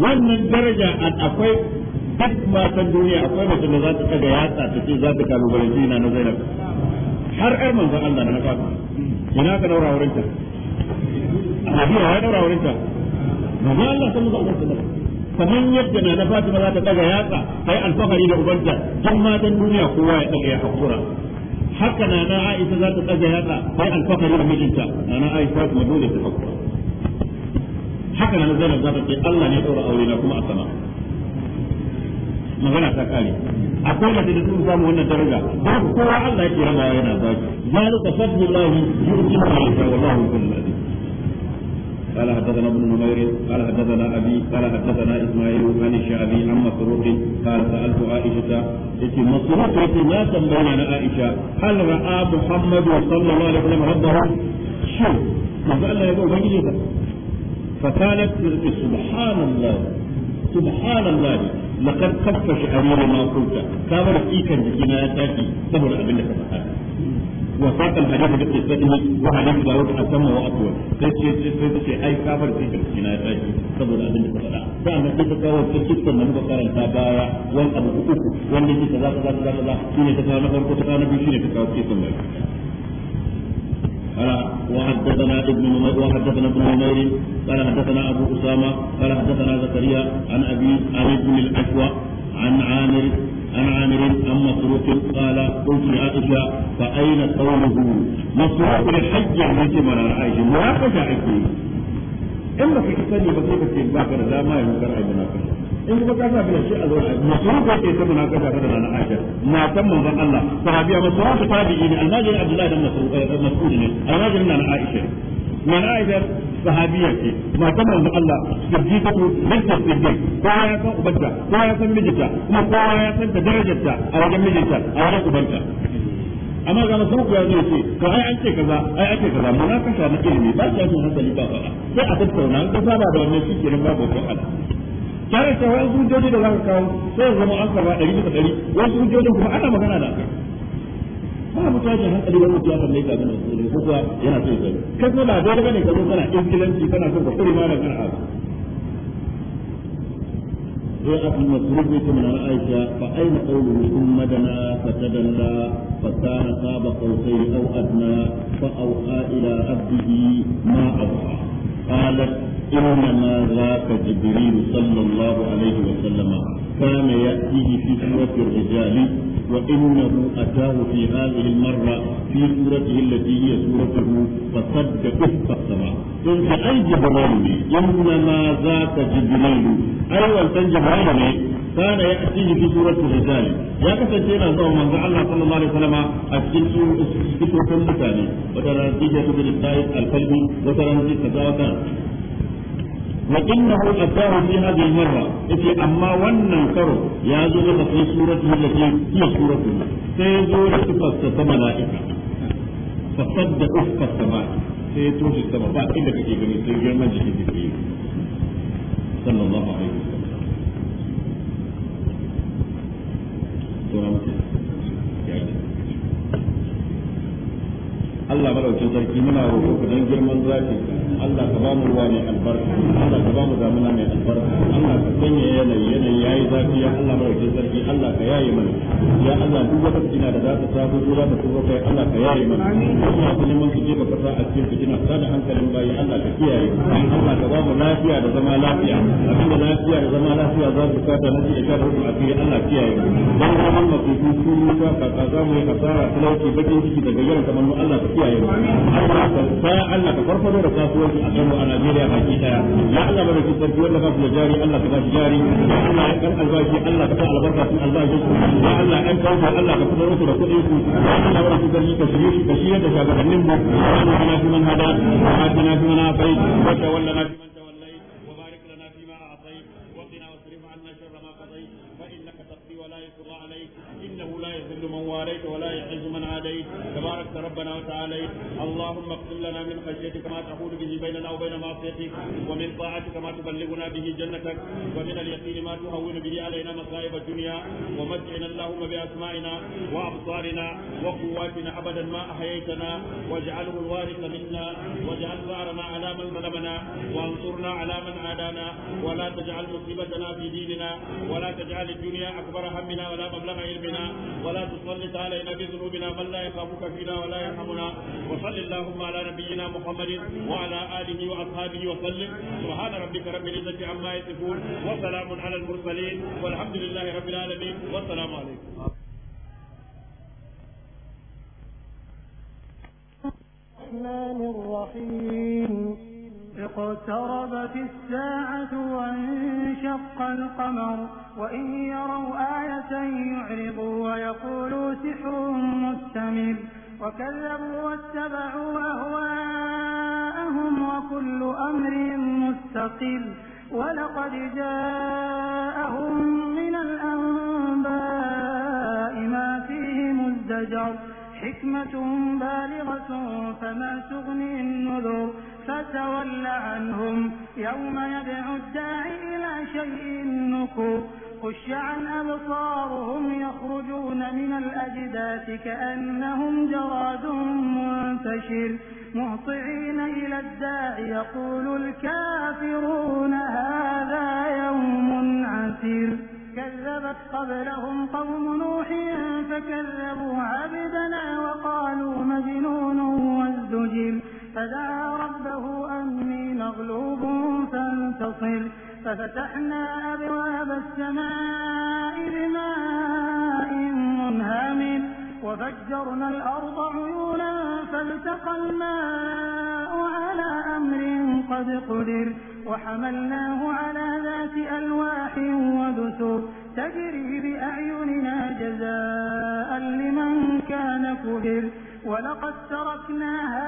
wannan daraja akwai duk matan duniya akwai mace da za ta tsaga yatsa ta ce za ta kalubalanci na na zainab har ƴar manzo Allah na nafa ina ka daura wurin ta a biya ya daura wurin ta manzon Allah sallallahu alaihi wasallam kamar yadda na na Fatima za ta daga yatsa kai alfahari da ubanta duk matan duniya kowa ya daga ya hakura haka na na Aisha za ta daga yatsa kai alfahari da mijinta na na Aisha kuma dole ta hakura haka nan zainab za ta ce Allah ne tsora aure na kuma a sama magana ta kare akwai mace da sun samu wannan daraja ba kowa Allah yake rama yana ba ki zalika fadlullahi yu'ti ma ta wallahu kullu قال حدثنا ابن نمير قال حدثنا ابي قال حدثنا اسماعيل عن الشعبي عن مسروق قال سالت عائشه يتي مسروق يتي ما تنبغي عائشه هل راى محمد صلى الله عليه وسلم ربه شو ما قال له يقول فكانت سبحان الله سبحان الله لقد كف شعري ما قلت كامل إيكا جسنا يتاكي سبر أبن لك فحاجة وفاق الحديث بقصته وحديث داود أتم وأطول تسي أي كافر إيكا جسنا يتاكي سبر أبن لك فحاجة فأنا كيف كاور تسيط من بقار التابايا والأبو أكو والذي كذا كذا كذا كذا كذا كذا كذا كذا كذا كذا كذا كذا كذا كذا وحدثنا ابن نمير وحدثنا ابن نمير قال حدثنا ابو اسامه قال حدثنا زكريا عن ابي عن ابن الاشوى عن عامر عن عامر عن مسروق قال قلت لعائشه فاين قوله مسروق الحج عليك من عائشه مناقشه عندي in ba ka ki sani ba sai ka ce ba ka da dama ya mukar ai munakasha in kuma ka sa bila shi a zuwa masu ko ce ta munakasha ta da na Aisha matan manzon Allah sahabiya masu almajirin na Aisha na Aisha sahabiya ce matan manzo Allah siddiqatu bintu siddiq kowa ya san ubanta kowa ya san mijinta kuma kowa ya san ta darajarta a wajen mijinta a wajen ubanta amma ga masu ku ya zo ce to ai an ce kaza ai an ce kaza mun ka samu ilimi ba ya tun hankali ba fara sai a tattauna an ka saba da wannan shi kenan babu wani ala tare da wani hujjoji da za ka kawo sai zama an saba ɗari bisa ɗari wasu hujjojin kuma ana magana da kai ba mu tashi hankali ba mutum ya kalle ka gane su ne kuwa yana so ya kai ko ba dole bane ka zo kana ingilanci kana son ka kure malam kana abu جاء في المسروق من عائشة فأين قوله ثم دنا فتدلى فكان قاب قوسين أو أدنى فأوحى إلى عبده ما أوحى قالت إنما ذاك جبريل صلى الله عليه وسلم كان يأتيه في سورة الرجال وإنه أتاه في هذه المرة في سورته التي هي سورته فصدق افق السماء قلت أي جبريل إنما ذاك جبريل أيوة جبريل كان يأتيه في سورة الرجال يا كسنتين زوم من الله صلى الله عليه وسلم أتكين سورة الرجال وترى نتيجة بالإسرائيل القلبي وترى نتيجة كذا ma inna hu qasara fi hadhihi al-marra yace amma wannan karo ya zo da kai suratu lati fi suratu sai zo da tafsa ta malaika fa tadda ufqa samaa sai to shi sama ba inda kake gani sai girman jiki take sallallahu alaihi wasallam to amma Allah madaukin sarki muna roƙo ku dan girman zaki Allah ka ba mu ruwa mai albarka Allah ka ba mu damuna mai albarka Allah ka sanya yanayi yanayi yayi zafi ya Allah madaukin sarki Allah ka yaye mana ya Allah duk wata fitina da za ta samu ko za ta tsoro kai Allah ka yaye mana Allah ka neman su je ka fasa a cikin fitina ta da hankalin bayi Allah ka kiyaye Allah ka ba mu lafiya da zama lafiya abinda lafiya da zama lafiya za ku bukata na ji da rubu a cikin Allah kiyaye dan zaman mafi su ka ka za mu yi kasara talauci bakin ciki daga yawan kamar Allah ka kiyaye yau Allah Allah ka farfado da kasuwanci a Kano a Najeriya baki daya ya Allah bada ki sarki wanda ka jari Allah ka ba shi jari ya Allah ya kan albashi Allah ka sa albarka albashi ya Allah ya kawo Allah ka fitar da kuɗi su ya Allah bada sarki ka shirye shi ka shirye da shagabannin mu Allah kana fi man hada wa kana fi man afai wa tawallana fi man wa barik lana fi ma wa qina 'anna sharra ma fa innaka taqdi wa la yuqda 'alayk innahu la man walayta wa la man 'adayt تباركت ربنا وتعالى اللهم اغفر لنا من خشيتك ما تحول به بيننا وبين معصيتك ومن طاعتك ما تبلغنا به جنتك ومن اليقين ما تهون به علينا مصائب الدنيا ومتعنا اللهم باسمائنا وابصارنا وقواتنا ابدا ما احييتنا واجعله الوارث منا واجعل ثارنا على من ظلمنا وانصرنا على من عادانا ولا تجعل مصيبتنا في ديننا ولا تجعل الدنيا اكبر همنا ولا مبلغ علمنا ولا تسلط علينا بذنوبنا من لا يخافك يهدنا ولا يرحمنا وصل اللهم على نبينا محمد وعلى اله واصحابه وسلم سبحان ربك رب العزه عما يصفون وسلام على المرسلين والحمد لله رب العالمين والسلام عليكم الرحمن الرحيم اقتربت الساعة وانشق القمر وإن يروا آية يعرضوا ويقولوا سحر مستمر وكذبوا واتبعوا أهواءهم وكل أمر مستقل ولقد جاءهم من الأنباء ما فيه مزدجر حكمة بالغة فما تغني النذر فتول عنهم يوم يدعو الداعي إلى شيء نكر خش عن أبصارهم يخرجون من الأجداث كأنهم جراد منتشر مهطعين إلى الداع يقول الكافرون هذا يوم عسير كذبت قبلهم قوم نوح فكذبوا عبدنا وقالوا مجنون وازدجر فدعا ربه أني مغلوب فانتصر ففتحنا أبواب السماء بماء منهمر وفجرنا الأرض عيونا فالتقى الماء على أمر قد قدر وحملناه على ذات ألواح ودسر تجري بأعيننا جزاء لمن كان كبر ولقد تركناها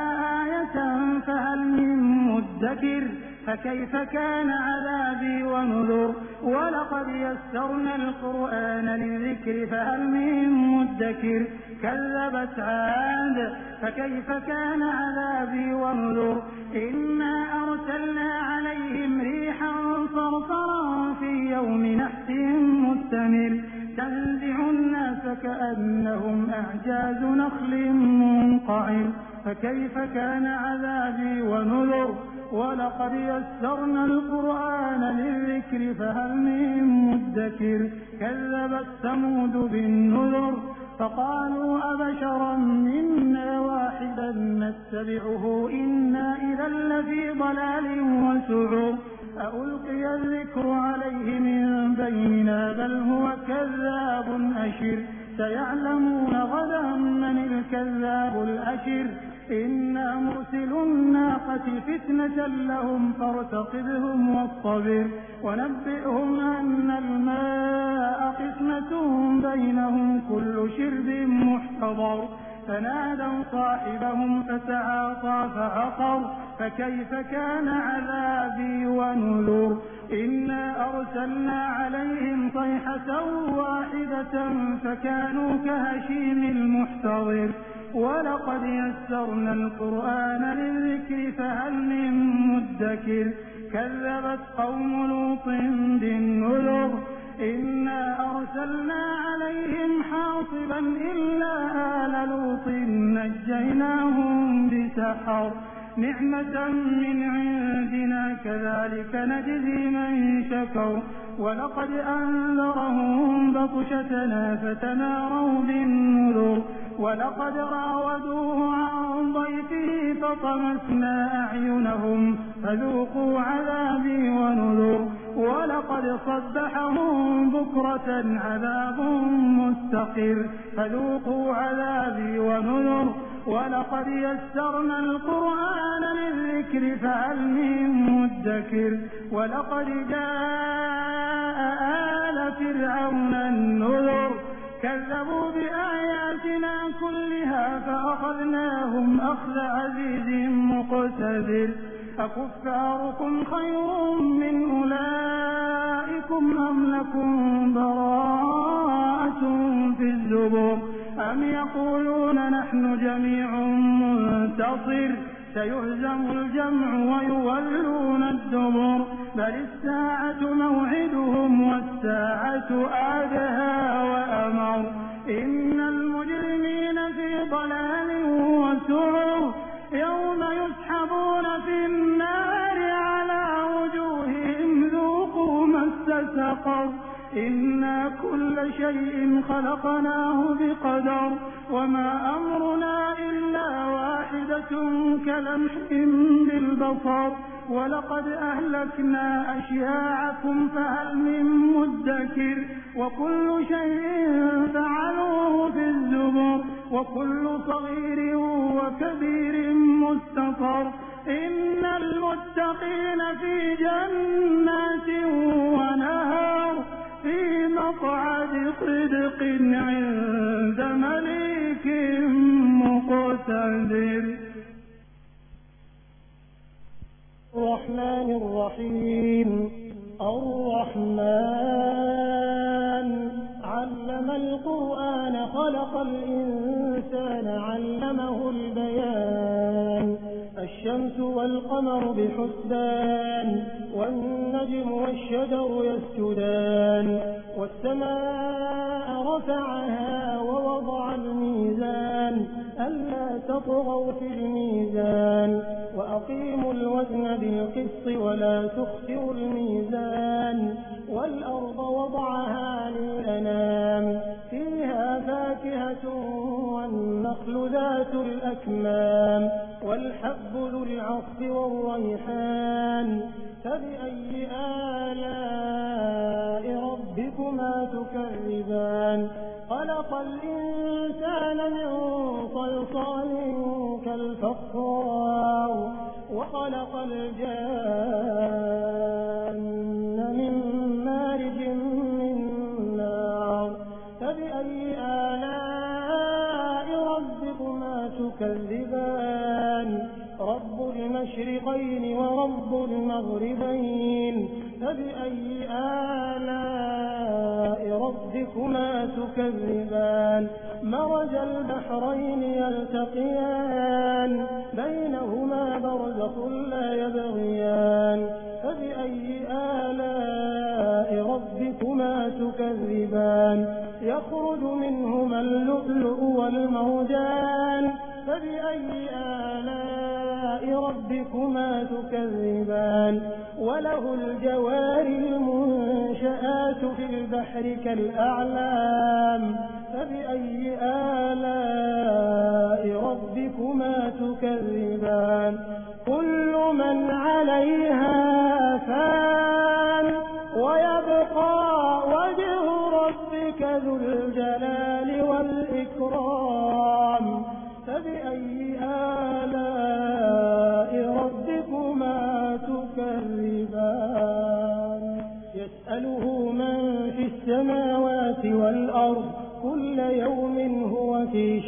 آية فهل من مدكر فكيف كان عذابي ونذر ولقد يسرنا القرآن للذكر فهل من مدكر كذبت عاد فكيف كان عذابي ونذر إنا أرسلنا عليهم ريحا صرصرا في يوم نحس مستمر تنزع الناس كأنهم أعجاز نخل منقعر فكيف كان عذابي ونذر ولقد يسرنا القرآن للذكر فهل من مدكر كذبت ثمود بالنذر فقالوا أبشرا منا واحدا نتبعه إنا إذا لفي ضلال وسعر ألقي الذكر عليه من بيننا بل هو كذاب أشر سيعلمون غدا من الكذاب الأشر إنا مرسلو الناقة فتنة لهم فارتقبهم واصطبر ونبئهم أن الماء قسمة بينهم كل شرب محتضر فنادوا صاحبهم فتعاطى فعقر فكيف كان عذابي ونذر إنا أرسلنا عليهم صيحة واحدة فكانوا كهشيم المحتضر ولقد يسرنا القرآن للذكر فهل من مدكر كذبت قوم لوط بالنذر إنا أرسلنا عليهم حاصبا إلا آل لوط نجيناهم بسحر نعمة من عندنا كذلك نجزي من شكر ولقد أنذرهم بطشتنا فتماروا بالنذر ولقد راودوه عن ضيفه فطمسنا أعينهم فذوقوا عذابي ونذر ولقد صبحهم بكرة عذاب مستقر فذوقوا عذابي ونذر ولقد يسرنا القرآن للذكر فهل من مدكر ولقد جاء آل فرعون النذر كذبوا بآياتنا كلها فأخذناهم أخذ عزيز مقتدر أكفاركم خير من أولئكم أم لكم براءة في الزبر أم يقولون نحن جميع منتصر سيهزم الجمع ويولون الدبر بل الساعة موعدهم والساعة أدهى وأمر إن المجرمين في ضلال وسعر يوم يسحبون في النار على وجوههم ذوقوا مس سقر إنا كل شيء خلقناه بقدر وما أمرنا إلا واحدة كلمح بالبصر ولقد أهلكنا أشياعكم فهل من مدكر وكل شيء فعلوه في الزبر وكل صغير وكبير مستقر إن المتقين في جنات ونهار في مقعد صدق عند مليك مقتدر الرحمن الرحيم الرحمن علم القرآن خلق الإنسان علمه البيان الشمس والقمر بحسبان والنجم والشجر يسجدان والسماء رفعها ووضع الميزان ألا تطغوا في الميزان وأقيموا الوزن بالقسط ولا تخسروا الميزان والأرض وضعها للأنام فيها فاكهة والنخل ذات الأكمام والحب ذو العصف والريحان فبأي آلاء ربكما تكذبان خلق الإنسان من صلصال كالفخار وخلق الجان مغربين فبأي آلاء ربكما تكذبان مرج البحرين يلتقيان بينهما برزق لا يبغيان فبأي آلاء ربكما تكذبان يخرج منهما اللؤلؤ والمرجان فبأي آلاء ربكما تكذبان وله الجوار المنشآت في البحر كالأعلام فبأي آلاء ربكما تكذبان كل من عليها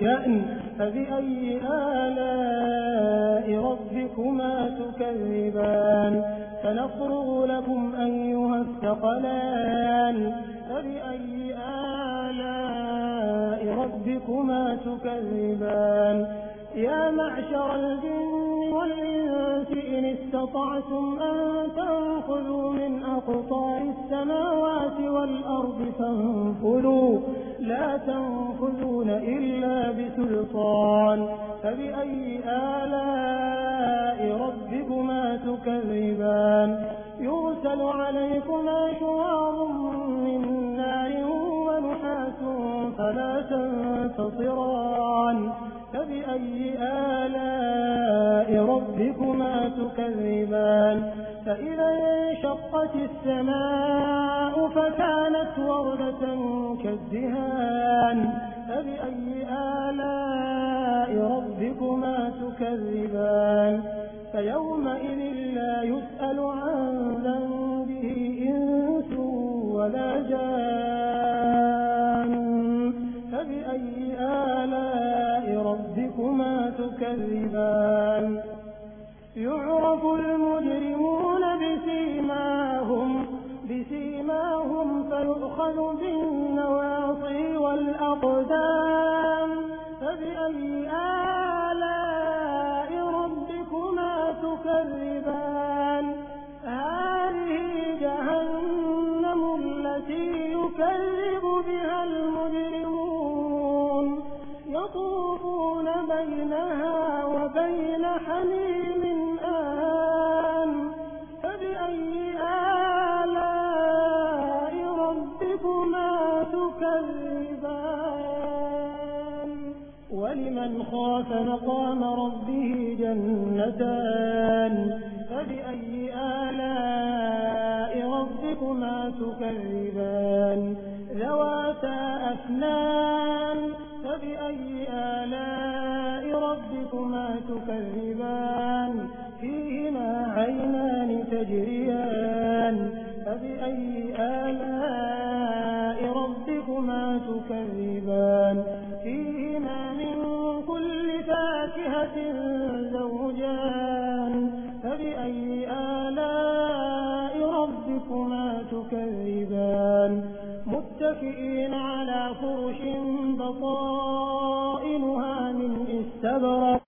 شأن فبأي آلاء ربكما تكذبان فنفرغ لكم أيها الثقلان فبأي آلاء ربكما تكذبان يا معشر الجن والإنس إن استطعتم أن تنفذوا من أقطار السماوات والأرض فانفذوا لا تنفذون إلا بسلطان فبأي آلاء ربكما تكذبان يرسل عليكما شواظ من نار ونحاس فلا تنتصران فبأي آلاء ربكما تكذبان فإذا انشقت السماء فكانت وردة كالدهان فبأي آلاء ربكما تكذبان فيومئذ لا يسأل عن ذنبه إنس ولا جان تكذبان يعرف المجرمون بسيماهم بسيماهم فيؤخذ بالنواصي والأقدام فبأي آل مقام ربه جنتان فبأي آلاء ربكما تكذبان ذواتا أفنان فبأي آلاء ربكما تكذبان فيهما عينان تجريان متكئين على فرش بطائنها من استبرق